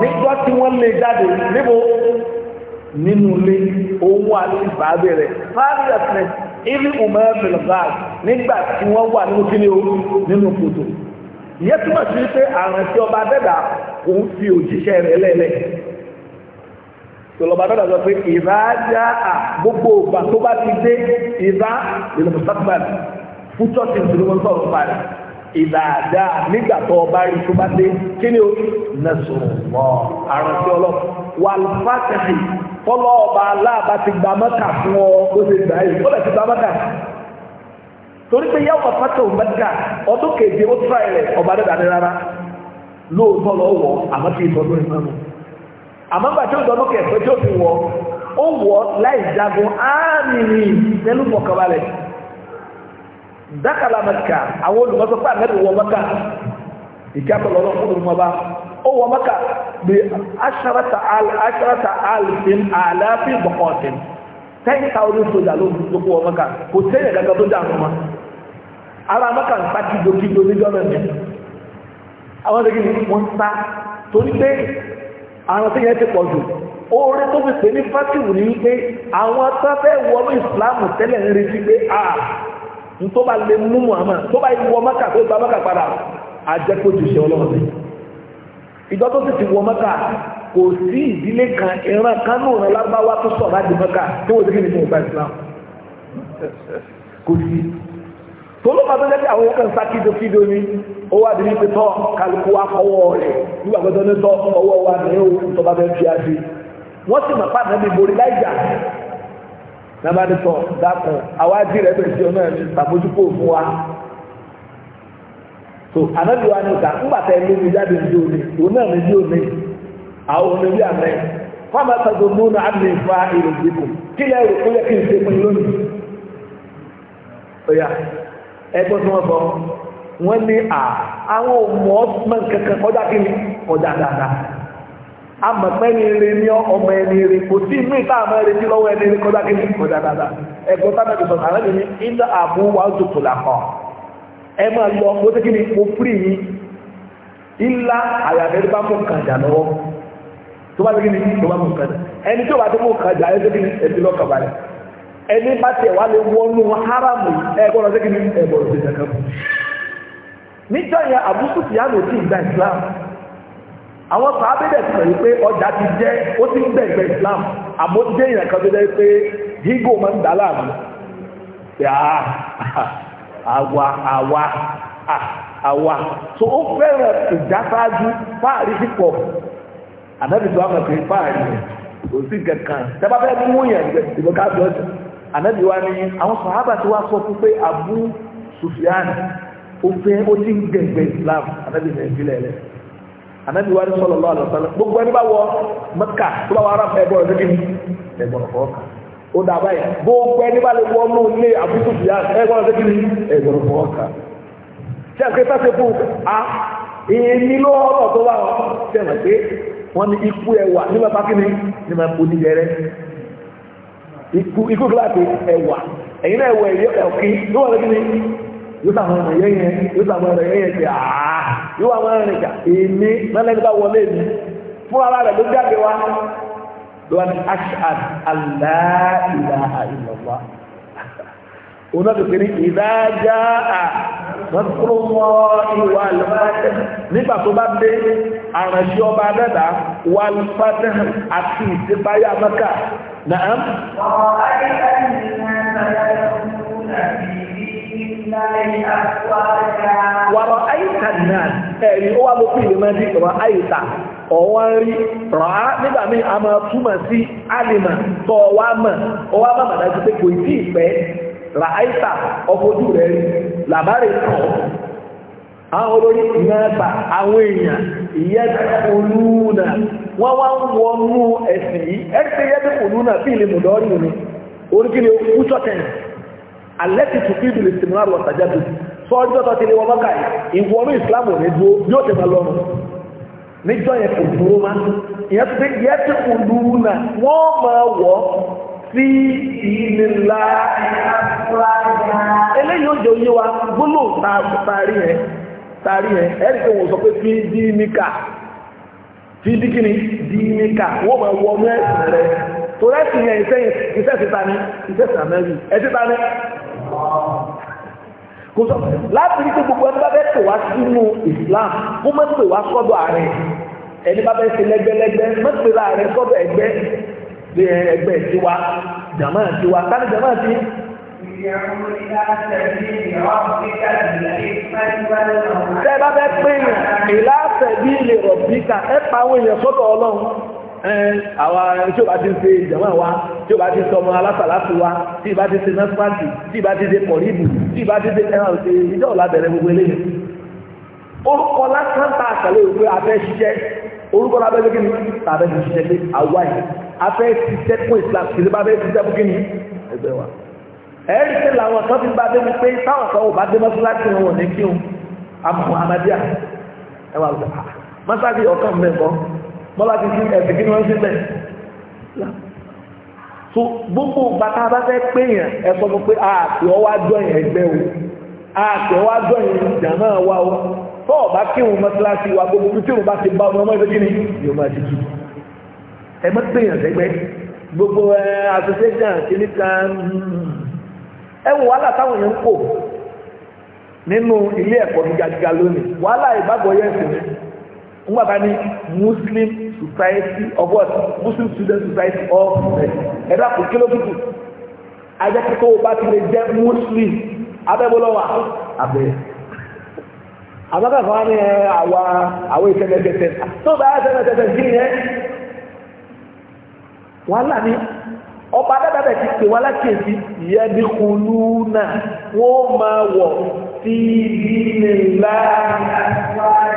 nígbà tí wọ́n lè jáde níbo nínú ilé ohun àlùbá bẹ̀rẹ̀ fáríyàtẹ̀ ilé ọmọ ẹ̀fẹ̀lẹ̀báà nígbà tí wọ́n wà nínú kíni o nínú kòtò ìyẹ́ túmọ̀ sí pé àrùn tí ọba dẹ́dà òun fi òjíṣẹ́ rẹ̀ lẹ́lẹ̀ tòlọ́ba dọ́dọ̀ sọ pé ìdá já à gbogbo ògbà tó bá ti dé ìdá ìlú fútọ́sì ìdúró sọ̀rọ̀ parí. ìlàdá nígbà tó ọba bá rí tó bá dé kí ni o nẹsùn mọ àrántí ọlọ wàlúfàtàkì tọlọ ọba aláàbá ti gba fún ọ ó ti gbà yìí ó lè ti gba torí pé yàwó pátá òun ọdún kejì ó tura ọba ní rárá lóòótọ́ lọ wọ àmọ́ kí ìtọ́jú àmọ́ ó kẹfẹ́ tí ó fi wọ ó wọ láì jagun áàmì dákàlà mẹ́kà àwọn olùmọ́sọ́fà nẹ́bí wọ mẹ́kà ìkẹ́kọ̀ọ́lọ́rọ̀ fún olùmọ́ba ó wọ mẹ́kà bí aṣárata alfin aláfin bọ̀kọ̀ọ̀tìn ten thousand sojà ló ló kó wọ mẹ́kà kò sẹ́yìn kankan tó dà wọn ara mẹ́kà ń sá kíjokíjo ní gọ́ọ̀mẹ̀ntì àwọn ọ̀dẹ́gì ni wọ́n sá torí pé àwọn tó yẹ ti pọ̀ jù oore tó fi pè ní fásitì wù ní wípé àwọn tó fẹ́ wọ́n ìsìlámù tẹ́lẹ̀ ń retí pé a ah, tó bá lè mú Muhammad tó bá wọ mọ́kà tó gba mọ́kà padà àjẹkó ti ṣe ọlọ́run rẹ̀ ìjọ tó sì ti wọ mọ́kà kò sí ìdílé kan ìran kan náà rẹ̀ lágbáwá tó sọ̀ láti mọ́kà tó wọ́n ti kí ni mo gba ìsìlámù kò sí tolu ma tọ́jú àwọn yẹn kan sákì tó fídíò ní owó àdìrí pé tọ́ kálukú akọwọ́ rẹ̀ nígbà pẹ́tọ́ ní tọ́ ọwọ́ na tọ̀ dàpọ̀ àwájú rẹ̀ bẹ̀rẹ̀ sí ọ náà ní ọ fún wa. tó ànábì wa ni ọ̀gá ńgbàtà ẹ̀ lómi jáde ní òní òun náà ní òní àwọn òní bí àmẹ́ fáwọn àtàgbò múnú àmì ìfà kí lẹ́ rò ó yẹ kí n ṣe fún tí sọ ní à àwọn kí ni amọ̀pẹ́ni eré ní ọmọ ẹni eré kò sí inú ìta àmọ́ eré tí lọ́wọ́ ẹni eré kọjá kékeré kọjá ẹ̀gbọ́n tá mẹ́tò àbú wa tutù làkọ̀ ẹ máa lọ mo mo pírì yín ilá àyàfẹ́ bá mú kàjà lọ́wọ́ tó bá tó bá mú kàjà ẹni bá mú kàjà ẹ ẹbí lọ́kà balẹ̀ ẹni bá wọnú haramu àwọn sàábẹ́dẹ̀ ti sọ̀rọ̀ pé ọjà ti jẹ́ ó ti ń bẹ̀rẹ̀ Islam àmọ́ jẹ́ ìrìn kan tó jẹ́ pé gígò máa ń dà láàmú ah, àwa àwa ah, àwa so ó fẹ́ràn ìjásáájú fáàrí pípọ̀ ànábì tó àmọ̀ pé fáàrí kò sí kankan tẹ́bá fẹ́ mú yàn ìbò ká bí ọjà ànábì wa ni àwọn sàábà tí wàá sọ fún pé Abu Sufyan ó fẹ́ ó ti ń gbẹ̀gbẹ̀ Islam ànábì nàìjíríà lẹ́yìn anabi wa sallallahu alaihi wasallam gbogbo ẹni bá wọ mẹ́kà tó bá wọ ara fẹ́ bọ́ọ̀lù níbi ẹ̀gbọ́n ọ̀fọ́ ọ̀kà ó dà báyìí gbogbo ẹni bá lè wọ inú ilé àbúkù fìyà ẹ̀gbọ́n ọ̀fọ́ níbi ẹ̀gbọ́n ọ̀fọ́ ọ̀kà tí a ké sáfẹ́ fún a èmi ló ọ̀rọ̀ tó wà ọ́ sẹ́wọ̀n pé wọ́n ní ikú ẹwà ní bàbá kí ni ní ma bo níyẹrẹ ikú ikú kíláàsì ẹwà ẹ̀yin náà ẹwà ẹ̀yọ ẹ̀kí ló wà lẹ́kí ni yóò sàmọ ọmọ yẹn yẹn yóò sàmọ ọmọ yẹn yẹn ti àá yóò àwọn ẹrẹ jà èmi mẹlẹni bá wọlé mi fún ara rẹ ló jáde wá lọ́wọ́ ní ashad aláìlá àìlọ́wọ́ òun náà tó fi ní ìdájá à mọ́tòmọ́ ìwà àlùfáàtẹ́ nígbà tó bá dé àrànṣẹ́ ọba dẹ́dà wà àlùfáàtẹ́ àti ìsèpáyà mẹ́kà náà. ọ̀rọ̀ ayé ẹ̀yìn náà ń bá yàrá òun náà wàrọ̀ àyíká náà ẹ̀rí ó wà ló fi ìlú mẹ́rin rọ̀ àyíká ọ̀wọ́n rí rọ̀ á nígbà míì a máa túmọ̀ sí alìmọ̀ tó ọwá mọ̀ ọwá mọ̀ dájú pé kò tí ì pẹ́ rà àyíká ọkọ̀jú rẹ̀ rí alẹ́tì tó fi ìdúlé tìmọ́ àrùn ọ̀tàjáde sọ́jọ́ tó ti lè wọ́n mọ́kà ìwọ̀nú ìsìlámù rẹ̀ dúró yóò tẹ̀ máa lọ́rùn níjọ́ yẹn kò dúró má ìyẹn tó fi yẹ ti kù lùú nà wọ́n máa wọ̀ sí ìlera eléyìí ó jẹ́ oyé wa gbólóhùn taari yẹn taari yẹn ẹ̀rí pé wọ́n sọ pé fi dí níkà fi dí kíni dí níkà wọ́n máa wọ ọmọ ẹ̀sìn rẹ̀ torí ẹ̀sìn yẹn ìṣẹ́ ìṣẹ́ ìṣẹ́ ta ni ìṣẹ́ ìṣẹ́ àmẹ́rin ẹ̀sìn ta ni kò sọ láti rí pé gbogbo ẹni bá bẹ́ẹ̀ pè wá sínú Islam kó má pè wá sọ́dọ̀ ààrẹ ẹni bá bẹ́ẹ̀ ṣe lẹ́gbẹ́lẹ́gbẹ́ má pè ra ààrẹ sọ́dọ̀ ẹgbẹ́ ẹgbẹ́ tiwa jàmá tiwa tani jàmá ti. Tẹ́ bá bẹ́ pé èèyàn, ìlà àfẹ̀bí ilẹ̀ rọ̀bíkà, ẹ pa àwọn èèyàn sọ́dọ̀ Ọlọ́run. Ẹ àwa tí ó bá ti wa, tí o bá ti sọmọ alásàlátù wa tí ìbá ti ṣe nọ́sípàtì tí ìbá ti ṣe kọ̀rìbù tí ìbá ti ṣe ẹran ṣe ìjọ ọ̀la bẹ̀rẹ̀ gbogbo eléyìí. orúkọ lásán tá a kàlẹ́ òwe afẹ́ ṣiṣẹ́ orúkọ lábẹ́ gbé kíni tá a bẹ́ ti ṣiṣẹ́ pé àwa yìí afẹ́ ṣiṣẹ́ fún Islam kìlí bá fẹ́ ṣiṣẹ́ fún kíni ẹgbẹ́ wa. ẹ̀rí ṣe làwọn kan ti bá dé mi pé táwọn kan ò bá dé mọ́sálásí wọn ní kí ẹwà lọ masaki ọkàn mẹkọ so gbogbo gbàtà bá fẹ́ pé yẹn ẹ sọ fún pé àpè ọwá jọyìn ẹgbẹ́ o àpè ọwá jọyìn ìjàmá wa o tó o bá kírun mọ́tíláṣí wa gbogbo tí o bá ti bá ọmọ ẹgbẹ́ kí ni yóò máa ti kí ẹ mọ́ pé yẹn sẹ́gbẹ́ gbogbo ẹ association kìíní kan mm, ẹ wò wàhálà táwọn yẹn ń kò nínú ilé ẹ̀kọ́ gíga gíga lónìí wàhálà ìbágbọ̀ yẹn sì ni ngba ba ni muslim society of what muslim student society of ẹ̀rọ àkókò lókùtù ajẹ́kẹ́kọ̀ọ́ bá ti lè jẹ́ muslim abẹ́bọ́lọ́wà abẹ́ àbákàkọ́ wá ní Awa. àwọn ìṣẹ̀lẹ̀ tẹ̀tẹ̀ tó bá yà sẹ́lẹ̀ tẹ̀tẹ̀ sí yẹn wàhálà ni ọba adábàbà ti pè wọn alákèésí ìyẹn ní kulú náà wọ́n máa wọ̀ sí ìdílé ńlá wọ́n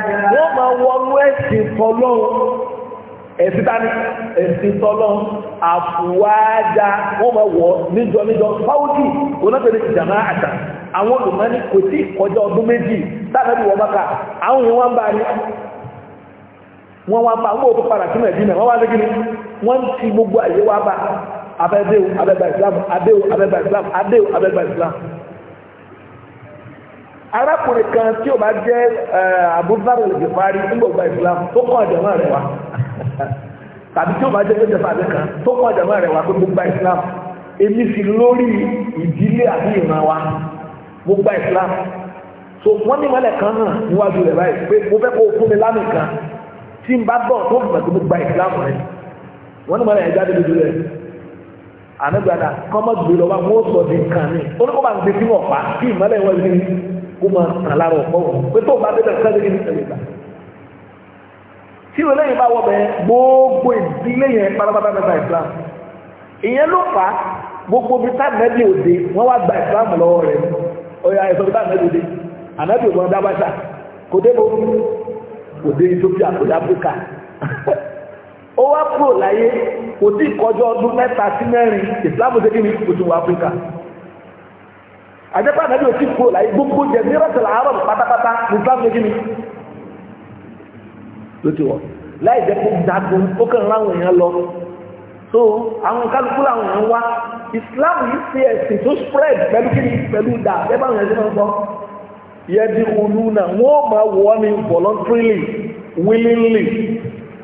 máa wọnú ẹ̀sìn tọ́lọ́run ẹ̀sìn tani ẹ̀sìn tọ́lọ́run àfùwájà wọ́n máa wọ̀ níjọ níjọ fáwọ́dì onáfẹ́lẹ́ ti jàmá àtà àwọn olùmọ́ni kò tí ọdún méjì wọ́n bá ka àwọn yẹn wọ́n bá rí wọ́n wá bá wọ́n tó abẹ́dẹ́wò abẹ́gbà islam adéwò abẹ́gbà islam adéwò abẹ́gbà islam. arákùnrin kan tí o bá jẹ́ eh, abúlé ìgbèfárí nígbà ògbà islam tó kọ́ àjọmọ́ rẹ̀ wá tàbí tí o bá jẹ́ jẹ́jẹ́ fàdé kan tó kọ́ àjọmọ́ rẹ̀ wá pé gbogbo islam èmi sì lórí ìdílé àbí ìran wa gbogbo islam so wọ́n ní ìmọ̀lẹ̀ kan hàn níwájú rẹ̀ báyìí pé mo fẹ́ kó o fún mi lámì kan tí n bá bọ̀ tó gbàgbé gbogbo islam rẹ̀ wọ́n ní ìmọ̀lẹ̀ ẹ̀jáde lójú rẹ̀ ànágbàdà kọ́mọ́ gbé lọ́wọ́ àwọn ó sọ di nǹkan mi ó ní kó máa ń gbé sínú ọ̀pá kí ìmọ̀lẹ̀ wọn ní kó máa tàn lára ọ̀pọ̀ wọn pé tó bá dé bẹ̀rẹ̀ sẹ́yìn ní ìṣẹ̀lẹ̀ ìgbà. tí ìwé lẹ́yìn bá wọ bẹ́ẹ̀ gbogbo ìdílé yẹn pátápátá mẹ́ta Islam ìyẹn ló fà á gbogbo bí táàmẹ́bì òde wọ́n wá gba Islam lọ́wọ́ rẹ̀ ọ̀yà ẹ̀sọ́ bí táàmẹ́bì òde ànábì ògbọ́n dábàṣà kò débò òde Ethiopia kò dé Áfíríkà ó wá kúrò láyé kò tí ì ọdún mẹ́ta sí mẹ́rin ìsìlámù ṣe kí ni kò wọ áfíríkà àjẹpá nàbí ò tí kúrò láyé gbogbo jẹ ní rọ́ọ̀tì làárọ̀ pátápátá ìsìlámù ṣe kí ni ló ti wọ̀ láì kó dagun ó lọ so àwọn kálukú làwọn èèyàn wá islam yìí fi tó spread pẹ̀lú kí ni pẹ̀lú dà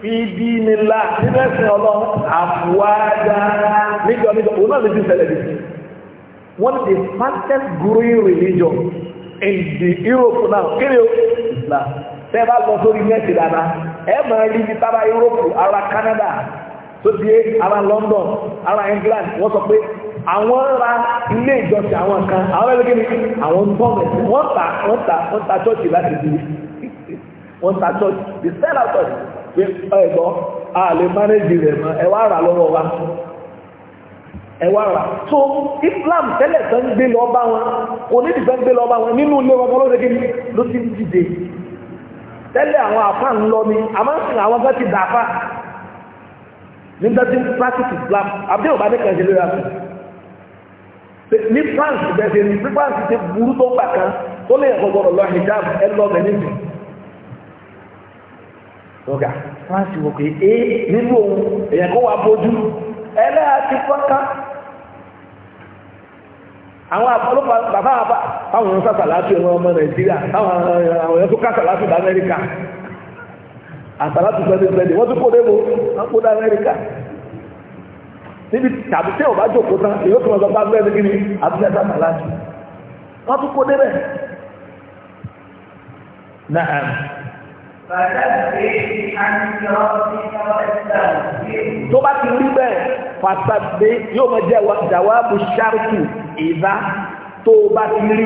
ìdí nílá nígbẹ̀sìn ọlọ́run àfúwádá níjọ níjọ òun náà lè fi ṣẹlẹ̀ bí wọ́n ti fastest growing religion in the Europe now kéré Islam tẹ́ bá lọ sórí nẹ́ẹ̀tì dáadáa ẹ máa rí ibi tára Europe ara Canada tó di ara London ara England wọ́n sọ pé àwọn ra ilé ìjọsìn àwọn kan àwọn ẹlẹ́gẹ́ ni àwọn ń bọ́ mẹ́sì wọ́n ta wọ́n ta wọ́n ta church láti di wọ́n ta church the sell church pé ẹ̀gbọ́ a lè mánéjì rẹ̀ mọ́ ẹwà rà lọ́wọ́ wa ẹ rà so Islam tẹ́lẹ̀ tán gbé lọ bá wọn onídìí tán gbé lọ bá wọn nínú ilé wọn lọ́sẹ̀ kí ló ti ń dìde tẹ́lẹ̀ àwọn lọ ni àmọ́ sìn àwọn bá ti dà fa practice Islam ní ní France bẹ̀rẹ̀ ní France ti burú tó gbà e, wọ́n sì wò pé ee nínú òun èèyàn kó wà àwọn àpọ̀lọpọ̀ bàbá àbá àwọn ọmọ ọmọ nàìjíríà àwọn ọ̀rọ̀ tó ká sàlátì ní amẹ́ríkà àsàlátì sẹ́dẹ̀ wọ́n tún kó amẹ́ríkà níbi tàbí tẹ́ tó bá gbé ẹni kíni wọ́n tún kó débẹ̀ náà tó bá ti rí bẹ́ẹ̀ fàṣàdé yóò máa jẹ́ jàwáàbù ṣáàtù ìdá tó bá ti rí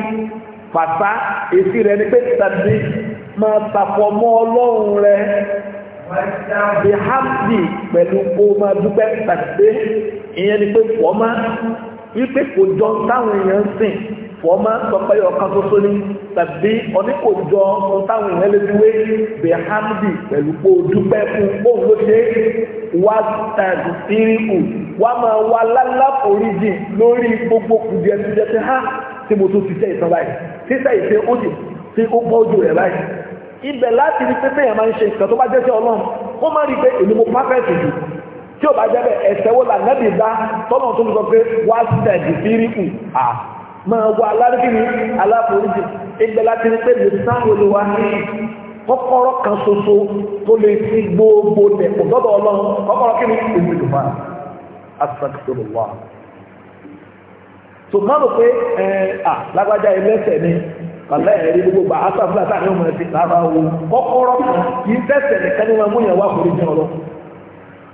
fàṣà èsì rẹ̀ ni pé tàbí máa tàpọ̀ mọ́ ọlọ́run rẹ̀ bihamdi pẹ̀lú kó máa dúpẹ́ tàbí ìyẹn ni pé wọ́n máa wípé kò jọ táwọn èèyàn sìn wọ́n máa sọ pé ọ̀kan ṣoṣo ni tàbí oníkòjọ ohun táwọn èèyàn lè fi wé bẹ̀hámdì pẹ̀lú pé o dúpẹ́ fún bóun ló ṣe wá tàbí fíríkù wá máa wá lálàforíjì lórí gbogbo kùdìẹ̀tìdìẹ̀ ti há tí mo tún ti sẹ́ ìtàn báyìí tí sẹ́ ìṣe ó sì tí ó bọ́ ojú rẹ̀ báyìí ibẹ̀ láti rí pé bẹ́ẹ̀ máa ń ṣe nǹkan tó bá jẹ́sẹ̀ ọlọ́run ó máa rí pé èmi mo pápẹ́ẹ̀tì jù tí o bá jẹ́ bẹ́ẹ̀ ẹ̀sẹ̀ wo là nẹ́bì bá tọ́lọ̀ tó ń sọ pé wá tẹ̀dì fíríkù à máa wọ aláríkìní aláforíjì ìgbẹ́ láti rí pé lùsáwò ló wá ní kọ́kọ́rọ́ kan ṣoṣo tó lè fi gbogbo nẹ̀ kò gbọ́dọ̀ ọlọ́run kọ́kọ́rọ́ kí ni èmi lò máa asàkìtòrò wà. tó máa rò pé ẹ à lágbájá ẹlẹ́sẹ̀ ni kàlẹ́ ẹ̀rí gbogbo gbà asàfúlà táà ní ọmọ ẹ̀sìn lára wo kọ́kọ́rọ́ kan kì í tẹ̀sẹ̀ nìkan ní wọn mú yẹn wá foríjì ọlọ́run.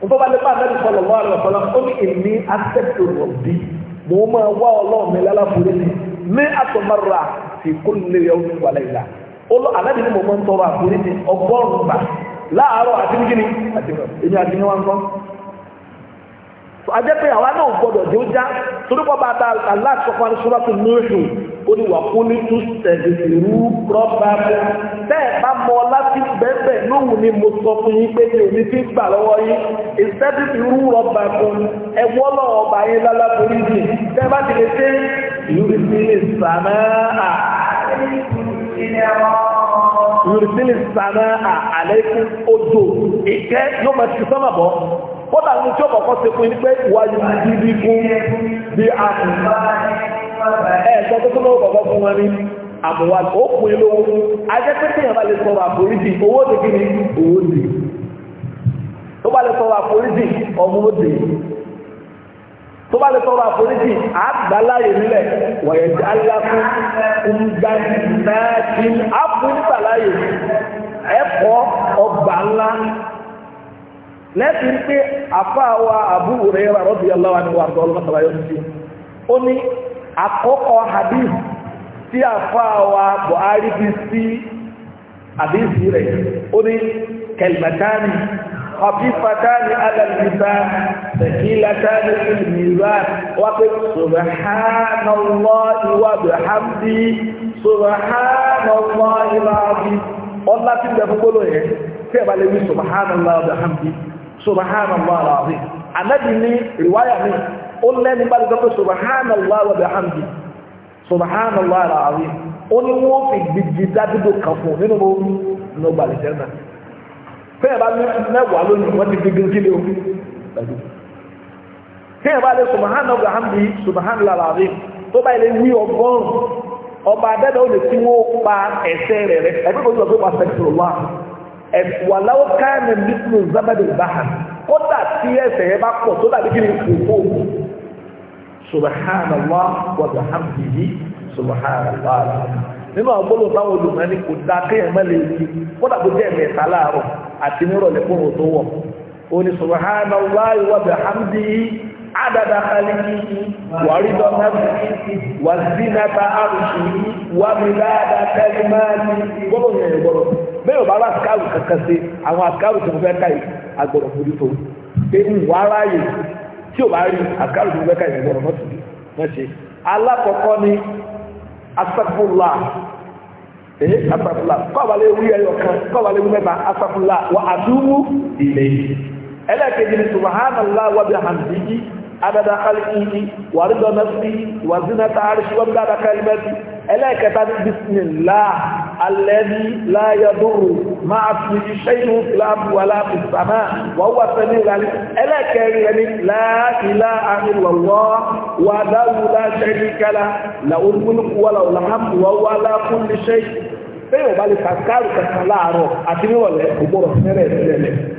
nítorí wọn lè bá àdáyé sọlọ wọn àlọ́ mò ń máa wá ọlọ́run mi lálàfóró sí mi àtọ̀mọ́ra fi kó lè yọ wà láìla olú alábi ni mo máa ń tọrọ àforíjì ọgọ́rùn-ún gbà láàárọ̀ àti nígbìnrin àti èmi àti ní wọn kọ́ ajẹ́ pé àwa náà gbọ́dọ̀ jó já torúkọ bá bá aláàkọ́kọ́ aṣọ́lá tó lóṣù ó ní wà kó ní tó sẹ̀dẹ̀ ìrú rọ́bà mọ́ bẹ́ẹ̀ bá mọ láti bẹ́ẹ̀ lóhùn ni mo sọ fún yín pé mi ò ní fi gbà lọ́wọ́ yín ìsẹ́dẹ̀ ìrú rọ́bà mọ́ ẹ̀wọ́ náà ọba yín lálábórí yìí bẹ́ẹ̀ bá ti lè ṣe yúrísílì sàmáà yúrísílì sàmáà àlẹ́kùn odò ìkẹ́ yóò máa ti sọ́mà bọ́. bọ́dà ní tí ó kọ̀kọ́ pé wáyé gidi fún bí a kù ẹ̀ sọ tó tó lọ́wọ́ kọ̀kọ́ fún ní ó lówó bá lè sọ̀rọ̀ àforíjì owó ti kí ni owó ti tó bá lè sọ̀rọ̀ àforíjì ọmọ òde tó bá lè sọ̀rọ̀ àforíjì àgbàláyè nílẹ̀ lẹ́sìn pé àfáàwà Abu Hurairah radiyallahu anhu àdọ́ ọlọ́mọ̀tàlá yóò ti ó ní àkọ́kọ́ hadith tí àfáàwà Buhari fi sí àdíṣì rẹ̀ ó ní kẹlìmẹ̀tánì ọ̀fífàtánì alàlùmíta tẹ̀kílátánì ìlmìlá wá pé subhanallahi wa bihamdi subhanallahi ìlàbí ọlá tí bẹ̀ fún gbóló yẹn tí ẹ̀bá lè wí subhanallahi wa subhanallah alazim anabi ní rìwáyà mi ó lẹ́ni bá dúdú subhanallah wa bihamdi subhanallah alazim ó ní wọ́n fi gbìgbì dádúgbò kan fún nínú mo nínú gbàlẹ̀ jẹ́nà fẹ́ẹ̀ bá ní mẹ́wàá lónìí wọ́n ti gbìgbì kí ni o pẹ̀lú fẹ́ẹ̀ subhanallah wa bihamdi subhanallah alazim wàláwó káàmì mísìlù zábàdì báhà kódà tí ẹsẹ̀ yẹn bá pọ̀ tó dàbí kí ni òfò subahánàlá wàbàhàmìlì subahánàlá nínú àgbọ̀lọ̀ táwọn olùmọ̀ẹ́ni kò dá kéèyàn má lè rí kódà bó jẹ́ ẹ̀mẹ̀ta láàárọ̀ àti nírọ̀lẹ́ fún òtó wọ̀ ó ní subahánàlá wàbàhàmìlì adada khaliki waridọ nafsi wazinata arushi wamilada kalimati gbọ́dọ̀ yẹn gbọ́dọ̀ bẹ́ẹ̀ bá wà káàrù kankan sí àwọn àkàrù tó fẹ́ káyì agbọ̀dọ̀ fojú tó pé ń wà ráyè tí ò bá rí àkàrù tó fẹ́ káyì agbọ̀dọ̀ mọ́tò wọ́n ṣe alákọ̀ọ́kọ́ ni asafúnla ee asafúnla kọ́ọ̀bálẹ̀ ewu ẹyọ kan kọ́ọ̀bálẹ̀ ewu mẹ́ta asafúnla wà àdúgbò ilẹ̀ yìí ẹlẹ́ẹ̀kejì ni subhanallah wa bihamdihi adada khalqihi wa rida nafsihi wa zinata arshi wa mdada kalimati ẹlẹ́ẹ̀kẹta ní bismillah alladhi la yadurru ma'a ismihi shay'un fil ardi wa la fis samaa wa huwa as-sami'ul 'alim ẹlẹ́ẹ̀kẹrin rẹ̀ ní la ilaha illallah wahdahu la sharika lahu lahul wa lahul hamdu wa huwa 'ala kulli shay'in bẹ́ẹ̀ ò lè kàkàrù kankan láàárọ̀ àti níwọ̀lẹ́ ògbọ́rọ̀ fẹ́rẹ̀ ẹ̀sẹ̀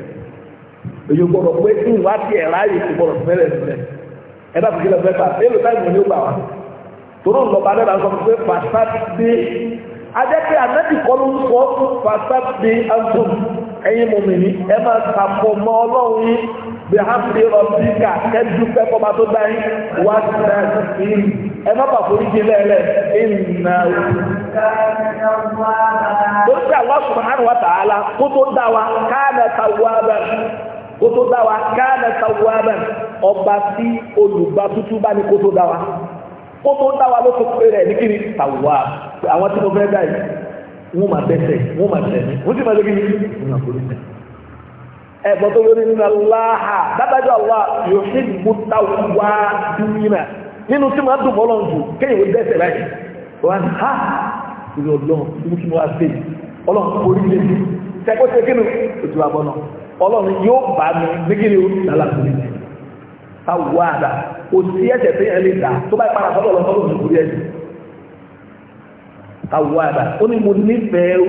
èyí gbọ́dọ̀ pé kí n wá sí ẹ̀ ráàyè kò gbọ́dọ̀ fẹ́rẹ̀ sílẹ̀ ẹ dàbí kí lọ fẹ́ fà èlò táìmù ní ó gbà wá tòró ńlọba dára sọ pé fàṣàbí ajẹ́pẹ́ ànábì kọlu ń sọ fàṣàbí antum ẹ̀yin mùmìnì ẹ máa sàpọ̀ mọ́ ọlọ́run yín bí hàmdi rọ̀bíkà kẹ́jú pẹ́kọ́ bá tó dá yín wá sí náà sí ẹ má bàa forí jí lẹ́lẹ̀ ìnà lórí àwọn subhanahu wa ta'ala kó tó dá wa káàdà tàwọn abẹ́. kótó dá wa káàdà sáwọ́ ọba tí olùgbà tuntun bá ní kótó dá wa kótó dá wa ló tó pé rẹ̀ ní kíni sáwọ́ àwọn tí mo fẹ́ dá yìí wọ́n máa bẹ́sẹ̀ wọ́n máa wọ́n sì máa lé kíni wọ́n máa tó lórí nínú aláha dábàjọ́ àwa yóò tí dùn bọ́lọ̀ ọlọ́run yóò bá mi nígbìrì ó lálàkùnrin awọ àdá kò sí ẹsẹ̀ tó yẹn lè dà tó bá ìpara sọ́dọ̀ lọ sọ́dọ̀ nìkúrí ẹ̀sìn awọ àdá ó ní mo nífẹ̀ẹ́ ru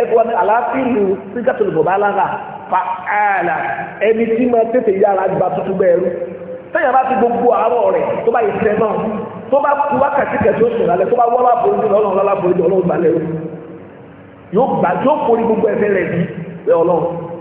ẹ̀kọ́ ní aláfíìlú síkàtò lè bọ̀bá lára fa ààlà ẹni tí máa tètè yára gba tuntun bẹ́ẹ̀ rú sẹ́yìn bá ti gbogbo àárọ̀ rẹ̀ tó bá yìí sẹ́ náà tó bá ku wákàtí kẹ̀tí ó lálẹ́ tó bá wọ́n bá borí ọlọ́run lọ́la borí ọlọ́run balẹ̀ rú yóò gbà yóò forí gbogbo ẹ̀fẹ́ rẹ̀ bí ọlọ́run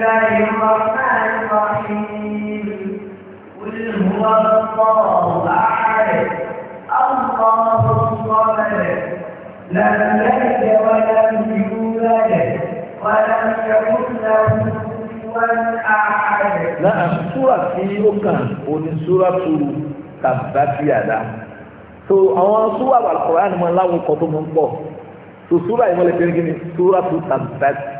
الله الرحمن الرحيم قل هو الله أحد الله الصمد لم يلد ولم يولد ولم يكن له كفوا أحد نعم سورة يوكا ونسورة تبت يدا so àwọn súwà Al-Qur'an ni mo láwọn kọ tó mọ ń pọ so súwà yìí mo lè fi ní kí ni súwà tó tàbí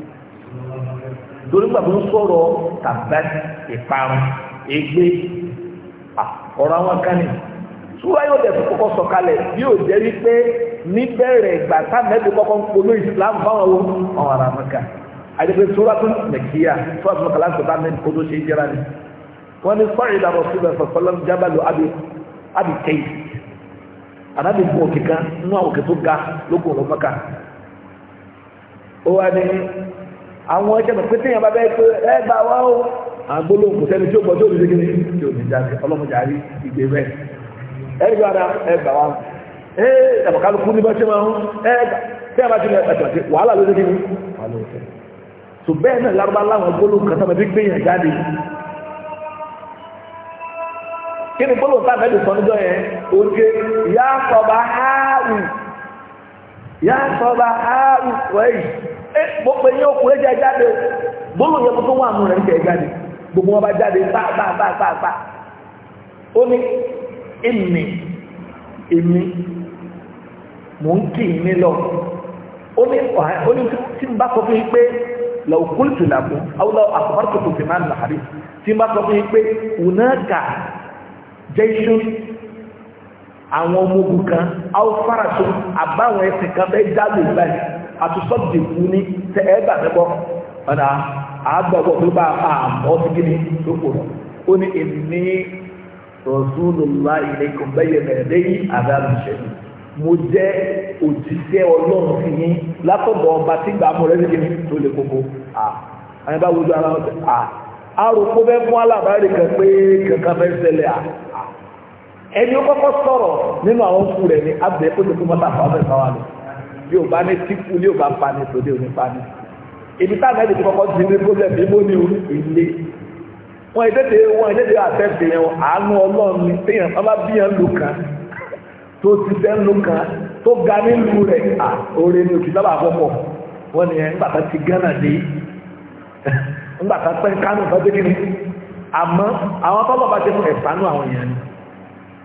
torí gbàgbọ́ sọ̀rọ̀ tàbẹ́ ìparun ègbé ọ̀rọ̀ àwọn kan ní súra yóò dẹ̀ tó kọ́kọ́ sọ̀kalẹ̀ bí ó jẹ́ wípé níbẹ̀rẹ̀ ìgbà tábẹ́ẹ̀dì kọ́kọ́ ń polú ìsìlámù fáwọn ohun ọ̀rọ̀ àwọn kan àdìpé súra tó nàìjíríà súra tó nàìjíríà sọ̀tà mẹ́rin kó tó ṣe é jẹ́ra ni wọ́n ní sọ́ọ̀ ìdàrọ̀ sílẹ̀ sọ̀sọ́lọ́m jábàlú abi kẹ́yì àdábì fún òkè kan nínú àwọn òkè tó ga lókùn lọ́mọ́ka ó wá ní àwọn ẹjẹ mọ̀ pé téèyàn bá bẹ́ẹ̀ pé ẹ gbà wá o àgbóló kò sẹ́ni tí ó gbọ́ tó lè dégé tí ò ní jáde ọlọ́mọdé àrí ìgbé rẹ̀ ẹ gbà wá ẹ gbà wá ẹ ẹ̀bọ̀kálukú ní bá ṣe máa ń ẹ tẹ́ ẹ bá ti lọ ẹ̀tọ̀ àti wàhálà ló dégé ní wàhálà bẹ́ẹ̀ náà lárúbá láwọn àgbóló kan sábà gbé yàn jáde kí ni gbólóhùn sábà ẹ̀ ya á sọ bá á wẹ̀ yìí ẹ mo pè yín okùnrin bụ jáde gbólóhùn yẹn mo gbogbo ọba jade jáde bá bá bá bá bá ó ní èmi ń kì í lọ ó ní tí bá sọ fún àwọn ọmọ ogun kan àwọn faraṣọ àbáwọn ẹsìn kan fẹ́ jáde báyìí àtúnṣọ́ dìbò ní tẹ ẹ bà mẹ́bọ́ ọ̀nà àgbàgbọ́ tó bá àmọ́ sí kí ni tó kù rọ̀ ó ní èmi rọ̀ṣúlùmá ìlẹ́kùn bẹ́yẹ̀ mẹ́rẹ̀ẹ́dẹ́ yìí àdáàbùṣẹ́ mo jẹ́ òjíṣẹ́ ọlọ́run sí yín látọ̀dọ̀ ọba tí gbà mọ́ rẹ́sì kí ni tó lè kókó à àwọn ìbá wojú ara wọn à àròkó fẹ́ fún alábàárì kan pé à ẹni ó kọ́kọ́ sọ̀rọ̀ nínú àwọn kú rẹ̀ ni. abẹ́ ó lè kó mọ́tà fáwọn ẹ̀ka wa lọ bí o bá ní kíkú ní o bá pa ní tòde òní pa ní. ibi táwọn ẹni tó kọ́kọ́ ti ní problem yìí mú ní ilé wọn ìdẹ́tẹ̀ wọn ìdẹ́tẹ̀ àtẹ́tẹ̀ yẹn àánú ọlọ́run ní téèyàn wọn bá bí yẹn lù kan tó ti tẹ́ lù kan tó ga nílùú rẹ̀ à oore ni òkè sábà fọ́pọ̀ wọn ni nígbà tá ti Gánà dé nígbà pẹ́ Kánò fẹ́ dé kí ni àmọ́ àwọn tọ́lọ́ bá ti fún ẹ̀fánú àwọn yẹn ni.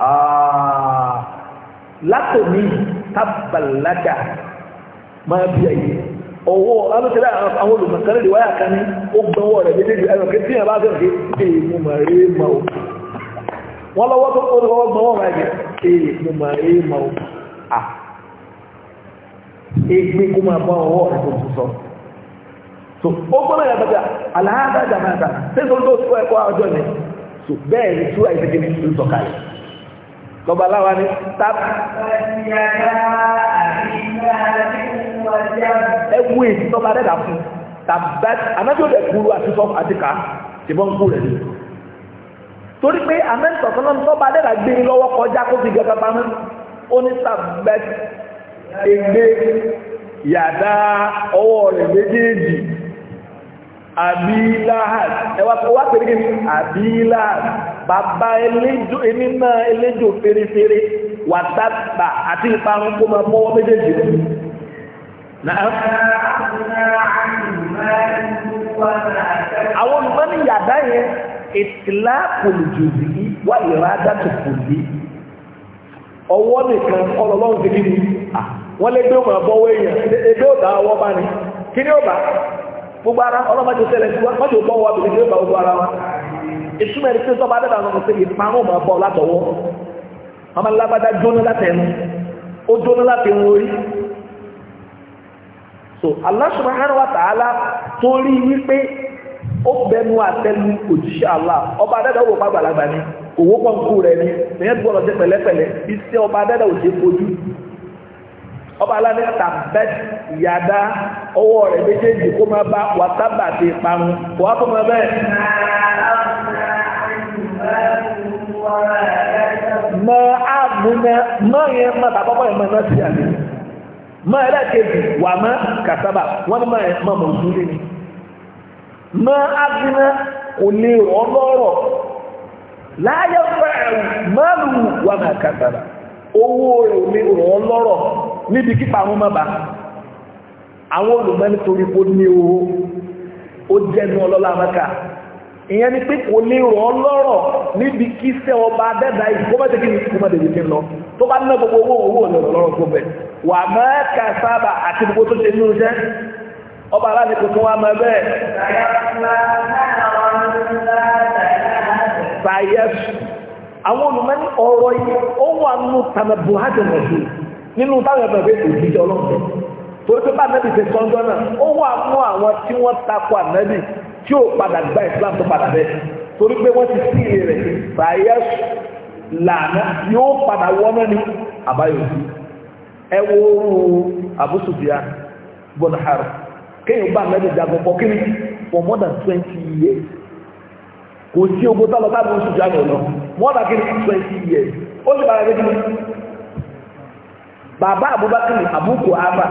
Ah, látòmí tábàlágà máa bí ẹ̀yẹ ọwọ́ alóṣèlú àwọn olùmọ̀kánlẹ̀ ìwáyà kan ní ó gbọ́wọ́ rẹ̀ méjèèjì ẹ̀rọ kí tí ẹ̀bá gẹ̀rẹ̀ èèmù màrí ma o wọ́n lọ́wọ́ tó kó lọ́wọ́ gbọ́wọ́ rẹ̀ gẹ̀ èèmù màrí ma o à égbé kó máa bá ọwọ́ rẹ̀ tó sọ so ó gbọ́dọ̀ yàtọ̀ bí aláàbàjàmáta ni so bẹ́ẹ̀ ni túwà ìfẹ́kẹ́ ní ìlú lọ́ba láwa ní tábì. ẹwú èyí tọ́ba dẹ́dà fún tàbá anájọ́ dẹ̀ kúrú àti sọ́ọ̀fù àti ká tìbọn kú rẹ̀ ní. torí pé amẹ́ntọ̀tọ̀ náà tọ́ba dẹ́dà gbé ní lọ́wọ́ kọjá kó fi gẹ́gẹ́ pamọ́ ó ní tàbá ẹgbẹ́ yàdá ọwọ́ àbíláhàd ẹwà pẹ̀lú kí àbíláhàd bàbá eléjò ẹni náà eléjò fèrèfèrè àti ìparun kó máa bọ́wọ́ méjèèjì rẹ̀. àwọn olùmọ́ni yàdá yẹn ìtìlá kòlùjòzì wà ìrádá tó kòlì ọwọ́ nìkan ọlọ́lọ́run ti kí ni wọ́n lé gbé èèyàn ọwọ́ bá kí ni gbogbo ara ọlọ́mọdé ṣẹlẹ̀ sí wọn mọ́jọ bọ́ wọn gbogbo ara ẹni lọ́nà sí ìparun ọmọ látọwọ́ ọmọ jóná látẹnu ó jóná láti orí so Allah subhanahu wa ta'ala torí wípé ó bẹnu àtẹnu òjíṣẹ́ Allah ọba adẹ́dàá pàgbàlagbà ni òwò pọ̀nkú ni ọba aládé tàbẹ́ ìyàdá ọwọ rẹ̀ méjèèjì kó máa bá wàtábà ti parun kò wá kó máa bẹ́ẹ̀. mọ àbúná mọ yẹn mọ àkọ́kọ́ yẹn mọ náà sí àná mọ ẹlẹ́kẹ̀jì wà mọ kàtàbà wọ́n ní mọ yẹn mọ mọ ni mọ kò lè wà mọ kàtàbà owó ò lè níbi kípa àwọn mọ́ba àwọn olùmọ́ni torí kó ní owó ó jẹ́nu ọlọ́lá mẹ́ka ìyẹn ni pé kò lè rọ̀ ọ́ lọ́rọ̀ níbi kí sẹ́ ọba dẹ́dà yìí kó mẹ́tẹ́kì ní kó mẹ́tẹ́kì ní lọ tó bá ná gbogbo owó owó ọ̀nà lọ́rọ̀ fún bẹ́ẹ̀ wà mẹ́ka sábà àti gbogbo tó ṣe nínú iṣẹ́ ọba aláàbí kò tún wá mọ́ bẹ́ẹ̀. sàyẹ́sù àwọn olùmọ́ni ọ̀rọ̀ yìí ó wà nù tàbí buhari nàìjíríà nínú táwọn ẹgbẹ́ bẹ́ẹ̀ kò jíjọ ọlọ́run torí pé bá ànábì ṣe sọ́njọ́ náà ó wà fún àwọn tí wọ́n takò ànábì tí ò padà gba islam tó padà bẹ́ẹ̀ torí pé wọ́n ti sí ilé rẹ̀ báyẹ̀ lànà yóò padà wọ́nà ní àbáyọ̀sí ẹ wo oorun Abu Sufyan bọ́nà kéèyàn bá ànábì jagun pọ̀ kiri for more than twenty years kò sí ogun tá lọ tá Abu Sufyan lọ more than twenty years ó sì padà gẹ́gẹ́ bàbá Abubakar abuku aba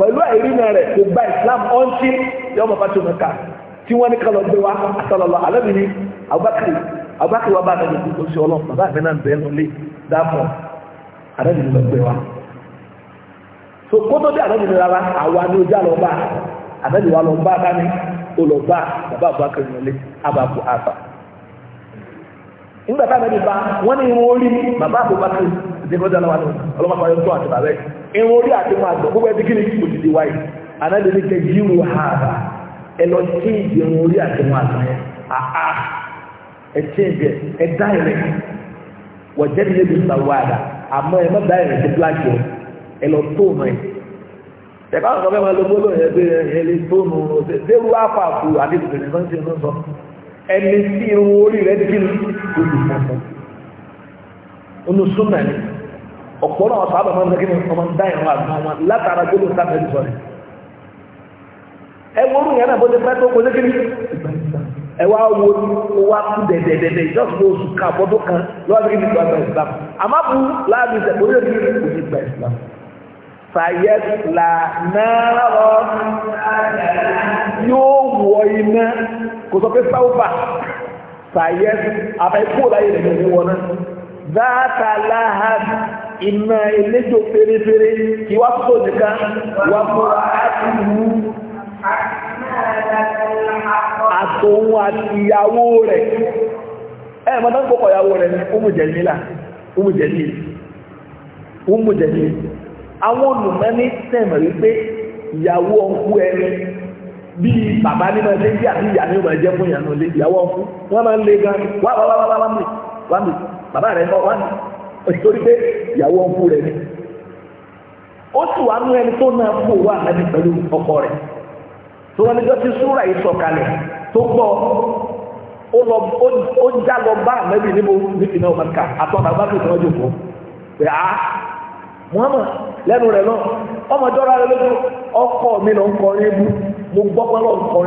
pẹ̀lú àìrínà rẹ̀ kò gba Islam ọ̀ntì yọ bàbá tó mẹ́ka tí wọ́n ní kálọ̀ gbé wa àtàlọ́lọ́ alábìíní Abubakar Abubakar wa bá nàbẹ̀ kó sí ọlọ́ bàbá mi náà bẹ́ẹ̀ lọ́lé dáàbọ̀ alábìíní lọ gbé wa. so kótó dé alábìíní rárá àwa ni ojú àlọ́ bá alábìíní wa lọ bá dání olùbá bàbá Abubakar lọ́lé abaku aba. nígbà táwọn ẹni bá wọ́n ní irun orí bàbá Abubakar lẹ́gbẹ́dá lọ́wọ́ ní ọlọ́mọkọ̀ ayọ́ tó àti bàbá ẹ̀ ìwọ̀n orí àti máa gbọ̀ gbogbo ẹbí kíni kò dìde wáyé anábìlì tẹ jíru hàbà ẹ lọ sí ìdìrún orí àti máa gbọ̀ yẹn àá ẹ tí ì bẹ ẹ dá ìrẹ wọ jẹbi ẹbí ń sàwọ àdá àmọ́ ẹ má dá ìrẹ ti píláàkì ọ ẹ lọ tó mọ ẹ ẹ̀ka àwọn ọ̀gá máa lọ gbọ́dọ̀ yẹn pé ẹ lè tónu ṣéwú ọ̀pọ̀ náà sábà máa ń dẹ́gẹ́ni ọmọ dá ìrún àgbà wọn látara gbólóhùn sábà ẹ̀dùn sọ̀rọ̀ ẹ wọ́n yẹn náà bó ti pẹ́ tó kó dẹ́gẹ́ni ẹ wá wo ó wá kú dẹ̀dẹ̀dẹ̀dẹ̀ just go oṣù ká bọ́dọ̀ kan lọ́wọ́ bí nípa ẹgbẹ́ Islam àmọ́ bu láàbí ìṣẹ̀kọ́ yóò ní ìlú nípa Islam fàyẹ́sìlà náà yóò wọ iná kò sọ pé sáwùbà fàyẹ́sì àbẹ̀kú láyé rẹ̀ iná eléjò pere kí wá tó nìkan wá àtòun àti ìyàwó rẹ̀ ẹ̀ mọ́tọ́ ìyàwó rẹ̀ ní ụmụ umùjẹ̀lélì umùjẹ̀lélì àwọn olùmọ́ní tẹ̀mọ̀ ìyàwó ọkú ẹni bàbá ní ma lédi ìyá ní fún ìyànà ìyàwó ọkú wọ́n máa ń gan wá wá wá wá wá òṣìṣẹ́ pé ìyàwó ọ̀nkú rẹ ni ó sì wá nú ẹni tó náà fún òwò àmẹ́bí pẹ̀lú ọkọ rẹ tó wọn níjọ́ tí súrà yìí sọ̀kalẹ̀ tó gbọ́ ó lọ ó já lọ bá àmẹ́bí níbo níbi náà mọ̀ká àtọ́nà tó fún pé á lẹ́nu rẹ̀ náà lójú ọkọ mi ń kọrin mo gbọ́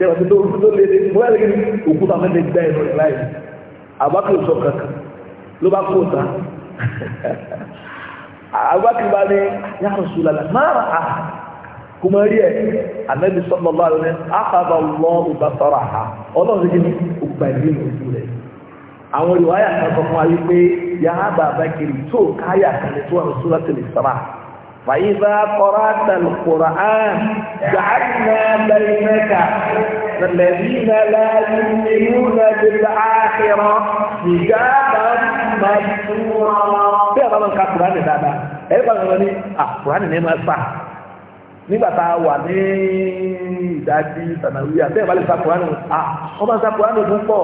ṣe wọ́n ti tó tó lé wọ́n yàrá kiri òkúta mẹ́lẹ̀ gbẹ́ ẹ̀rọ láì àbákò sọ kankan ló bá kó ta àbákò bá ní ya Rasulullah máa à kò mọ rí ẹ Ànábì sallallahu alaihi wasallam àkàbà lọ ọba sọ̀rọ̀ àhà ọlọ́run ti ní òkúta ìlú ìlú rẹ̀ àwọn ìwà yà kan sọ fún wa wípé yàrá bàbá kiri tó káyà kan ní tó wà ní suratul Isra فإذا قرأت القرآن جعلنا بينك الذين لا يؤمنون بالآخرة حجابا مستورا bí àbá máa ń ka kùránì dáadáa ẹ̀rí bá wọn ní àkùránì ní máa sà nígbà tá a wà ní ìdájí sànàwíyà bẹ́ẹ̀ bá lè sa kùránì à wọ́n máa sa kùránì tó pọ̀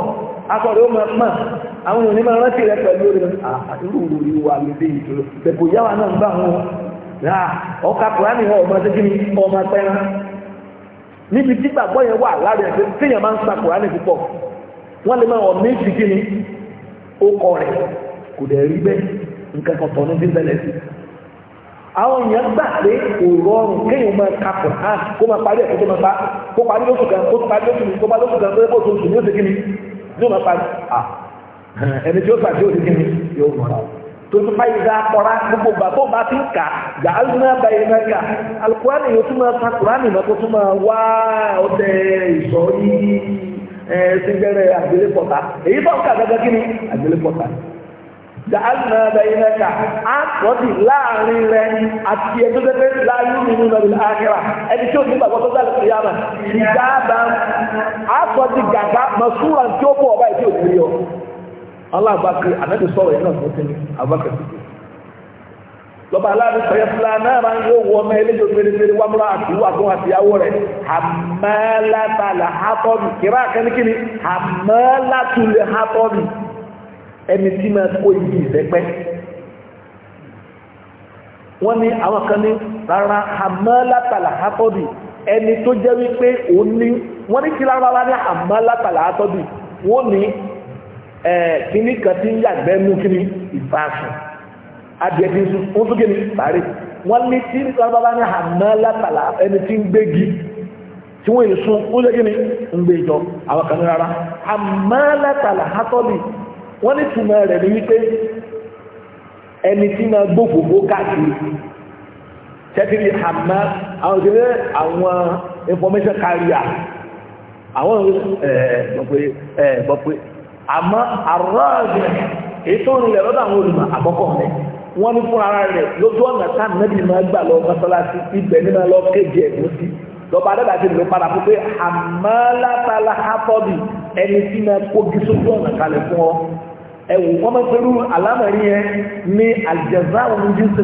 akọ̀rẹ́ ó máa mọ̀ àwọn ènìyàn ní máa rántí rẹ pẹ̀lú orin àti ìwà lè ìdúró bẹ̀kọ̀ yáwa náà ń bá wọn yáà ọka kùránì wọn ọmọ ṣe kí ni ọmọ pẹ́rán níbi tí gbàgbọ́ yẹn wà láàrin máa ń sa kùránì púpọ̀ wọ́n lè máa wọ̀ méjì kí ni ó kọ rẹ̀ kò dẹ̀ rí bẹ́ẹ̀ nǹkan bí àwọn èèyàn gbà pé kò rọrùn kéèyàn máa ka kó máa parí ẹ̀kọ́ tó máa kó parí lóṣù kan kó parí lóṣù kan kó parí lóṣù kan tó oṣù ní oṣù kí ni yóò máa parí ẹni tí ó tuntun báyìí dáa kọ́ra gbogbo bàbá bá ti ń kà gàálùmọ́ báyìí náà kà alukurani yóò tún máa fa kurani náà kó tún máa wá ọtẹ ìsọ̀rí ẹ sígẹrẹ àgbélépọ̀tà èyí bá ń kà gàgà kí ni àgbélépọ̀tà gàálùmọ́ báyìí náà kà á kọ́ di láàrin rẹ àti ẹjọ́ tẹ́tẹ́ láàyè nínú nàbìlì àkẹ́rà ẹni tí ó ní bàbá tó sáré sí yàrá ìdáàbà á kọ́ di gàgà màsúwà tí ó bọ̀ ọ alábàákiri ànábì sọ̀rọ̀ yẹn náà fún sí ni abákẹ́ tuntun lọ́ba aláàbí sọ̀yẹ́ fúlá náà máa ń yóò wọ ọmọ eléjò mèremère wà múra àtiwọ́ àtúnwò àtìyàwó rẹ̀ hàmẹ́látàlà hátọ́bì kíra àkẹ́nìkìní hàmẹ́látùlẹ̀ hátọ́bì ẹni tí máa kó ibi ìfẹ́pẹ́ wọ́n ní àwọn kan ní rárá hàmẹ́látàlà hátọ́bì ẹni tó jẹ́ wípé òun ní wọ́n ní kí lára wá ní hàmẹ́látàlà hátọ́bì wọ́n ní Kini kan tí ń yàgbẹ́ mú kíní ìfàṣù adìẹ tí ń sùn parí wọ́n ní tí ń bàbá ní àmọ́ látàlá ẹni tí ń gbégi tí wọ́n yìí ó lé ń gbé jọ àwọn kan rárá àmọ́ látàlá hátọ́lì wọ́n ní túmọ̀ rẹ̀ ní wípé ẹni tí àwọn òṣèré àwọn information carrier àwọn àmọ́ àrọ́ọ̀dì ètò ìrìnlẹ̀ lọ́dọ̀ àwọn olùmọ̀ àkọ́kọ́ rẹ̀ wọ́n ní fún ara rẹ̀ lójú ọ̀nà tá nàbì máa gbà lọ mọ́sálásí ibẹ̀ nínú lọ kéde ẹ̀gbọ́n sí lọ́ba adẹ́gbà ti lè padà fún pé àmọ́látàlá hátọ́bì ẹni tí máa kógi sójú ọ̀nà kalẹ̀ fún ọ ẹ̀wù wọ́n máa pẹ̀lú alámọ̀rí yẹn ní àjẹsà òun jí sí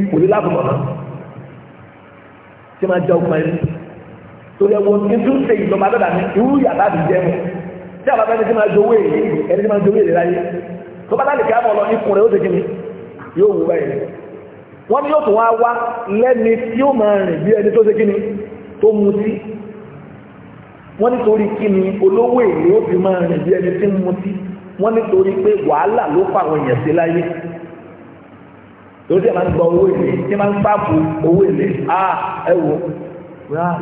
aburú tẹ̀yàn tí máa jẹ́ ọkùnrin rí torí ẹwọ ìdú ṣe ìjọba dọ́dà ní irú yàrá mi jẹ́ wọn tí àwọn abẹ́ni tí máa jowó èyí ẹni tí máa jowó èyí láyé tó bá láti kí á mọ̀ lọ ikùn rẹ̀ ó ti kí ni yóò wù báyìí wọ́n ní yóò tún wá wá lẹ́ni tí ó máa rìn bí ẹni tó ṣe kí ni tó mutí wọ́n nítorí kí ni olówó èyí ó fi máa rìn bí ẹni tí ń mutí wọ́n nítorí pé wàhálà ló fà àwọn èèyàn sí láyé lórí ẹ̀ máa ń gba owó èlé tí máa ń owó èlé a ẹ wò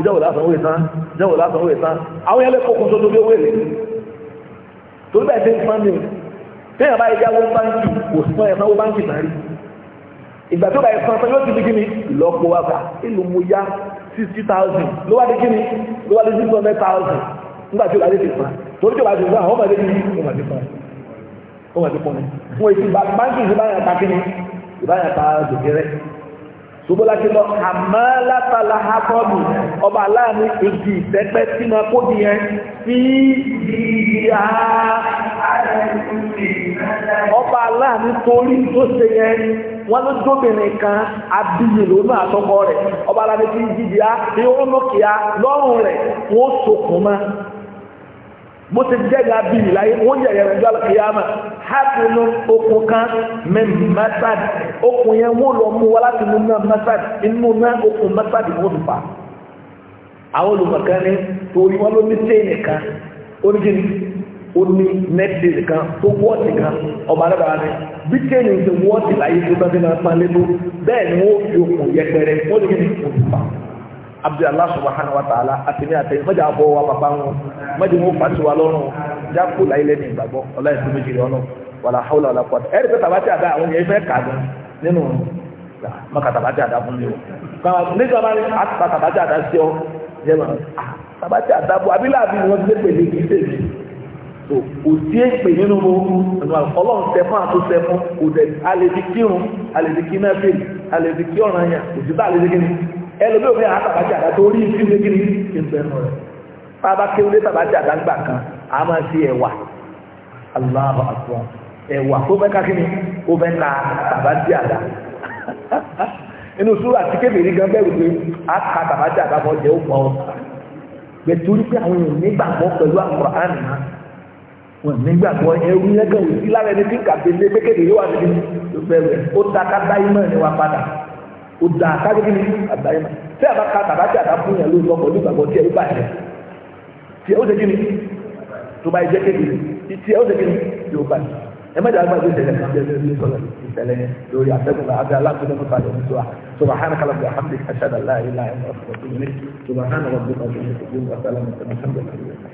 ìjọwò lásán owó ìtàn ìjọwò lásán owó ìtàn àwọn yẹn lè kókun tó lórí owó èlé torí bẹ́ẹ̀ ṣe ń fún mi téèyàn bá yẹ jáwó báńkì kò sún ẹ̀ sanwó báńkì náà rí ìgbà tó bá yẹ yóò ti di kí ni ìlọ́po ìlú sixty thousand ló wá di kí ni ló ìbáyà ta dòkèrè sobolaki lọ amalafala hakọdu ọba aláàánú igi ìtẹpẹ tí ma kó di yẹn tí ìyá ọba aláàánú torí tó ṣe yẹn wọn ló dóbìnrin kan abiyè lónà àtọkọ rẹ ọba aláàánú tí ìyá ìhónókìá lọ́rùn rẹ wọn ó sokùn mọ́. bó ti ga bíi láyé wọ́n yẹ yẹrẹ ju alùpùpù hàpínú okùn kan kan oníjìní oní nẹ́tì kan tó wọ́ọ̀tì kan ọba dábàá ni bí téèyàn ti wọ́ọ̀tì láyé tó bá fi pa bẹ́ẹ̀ ni wọ́n fi yẹpẹrẹ wọ́n abdi allah subhanahu wa ta'ala àtẹ̀mí àtẹ̀yìn mọ́jà bọ́ wa bàbá wọn mọ́jà wọn fà sí wa lọ́rùn já kú láyé lẹ́nu ìgbàgbọ́ ọláyé tó méjì lọ́nà wàlà haúlà wàlà pọ̀ ẹ̀rí pé tàbátì àdá àwọn yẹn fẹ́ kà gan nínú mọ́kà tàbátì àdá fún mi o nígbà máa ní àtúntà tàbátì àdá sí ọ yẹn lọ tàbátì àdá bọ abilà àbí wọn ti pèlè kì í tèmi tó kò sí èpè nínú ọlọ́run sẹ́fún àtúnṣẹ́fún kò dẹ̀ alẹ́ ẹlòmí ò fẹ́ àwọn tàbátì àdá tó rí ibi gbégbé ìgbẹ́nu rẹ̀ bàbá kéwúlé tàbátì àdá gbà kan a máa ṣe ẹ̀wà Allahu Akbar ẹ̀wà tó fẹ́ kákínni ó fẹ́ ka tàbátì àdá inú sùúrù àti kébèrè gan bẹ́ẹ̀ wípé a ka tàbátì àdá kan jẹ́ ó pọ̀ ọ́ gbẹ̀túrí pé àwọn èèyàn nígbàgbọ́ pẹ̀lú Al-Qur'an náà wọn nígbàgbọ́ ẹrú yẹn kan wò sí lára ẹni tí kàbí lé pékèdè wà níbi ni wà padà ó da kájú kí ni àgbáyé ma tí a bá ka bàbá tí a bá fún yàn ló lọ pẹ̀lú ìgbàgbọ́ tí ẹ bá yẹ tí ẹ ó ṣe kí ni tó bá yẹ jẹ́ kékeré tí ẹ ó ṣe kí ni yóò bá yẹ ẹ má dàgbà gbé ìṣẹ̀lẹ̀ kan jẹ́ lórí sọ̀rọ̀ ìṣẹ̀lẹ̀ lórí àtẹ́gùn náà àti aláàbòdà mọ́ta àti ọ̀ṣọ́ à subahana kala bi alhamdulilayi ashadu allah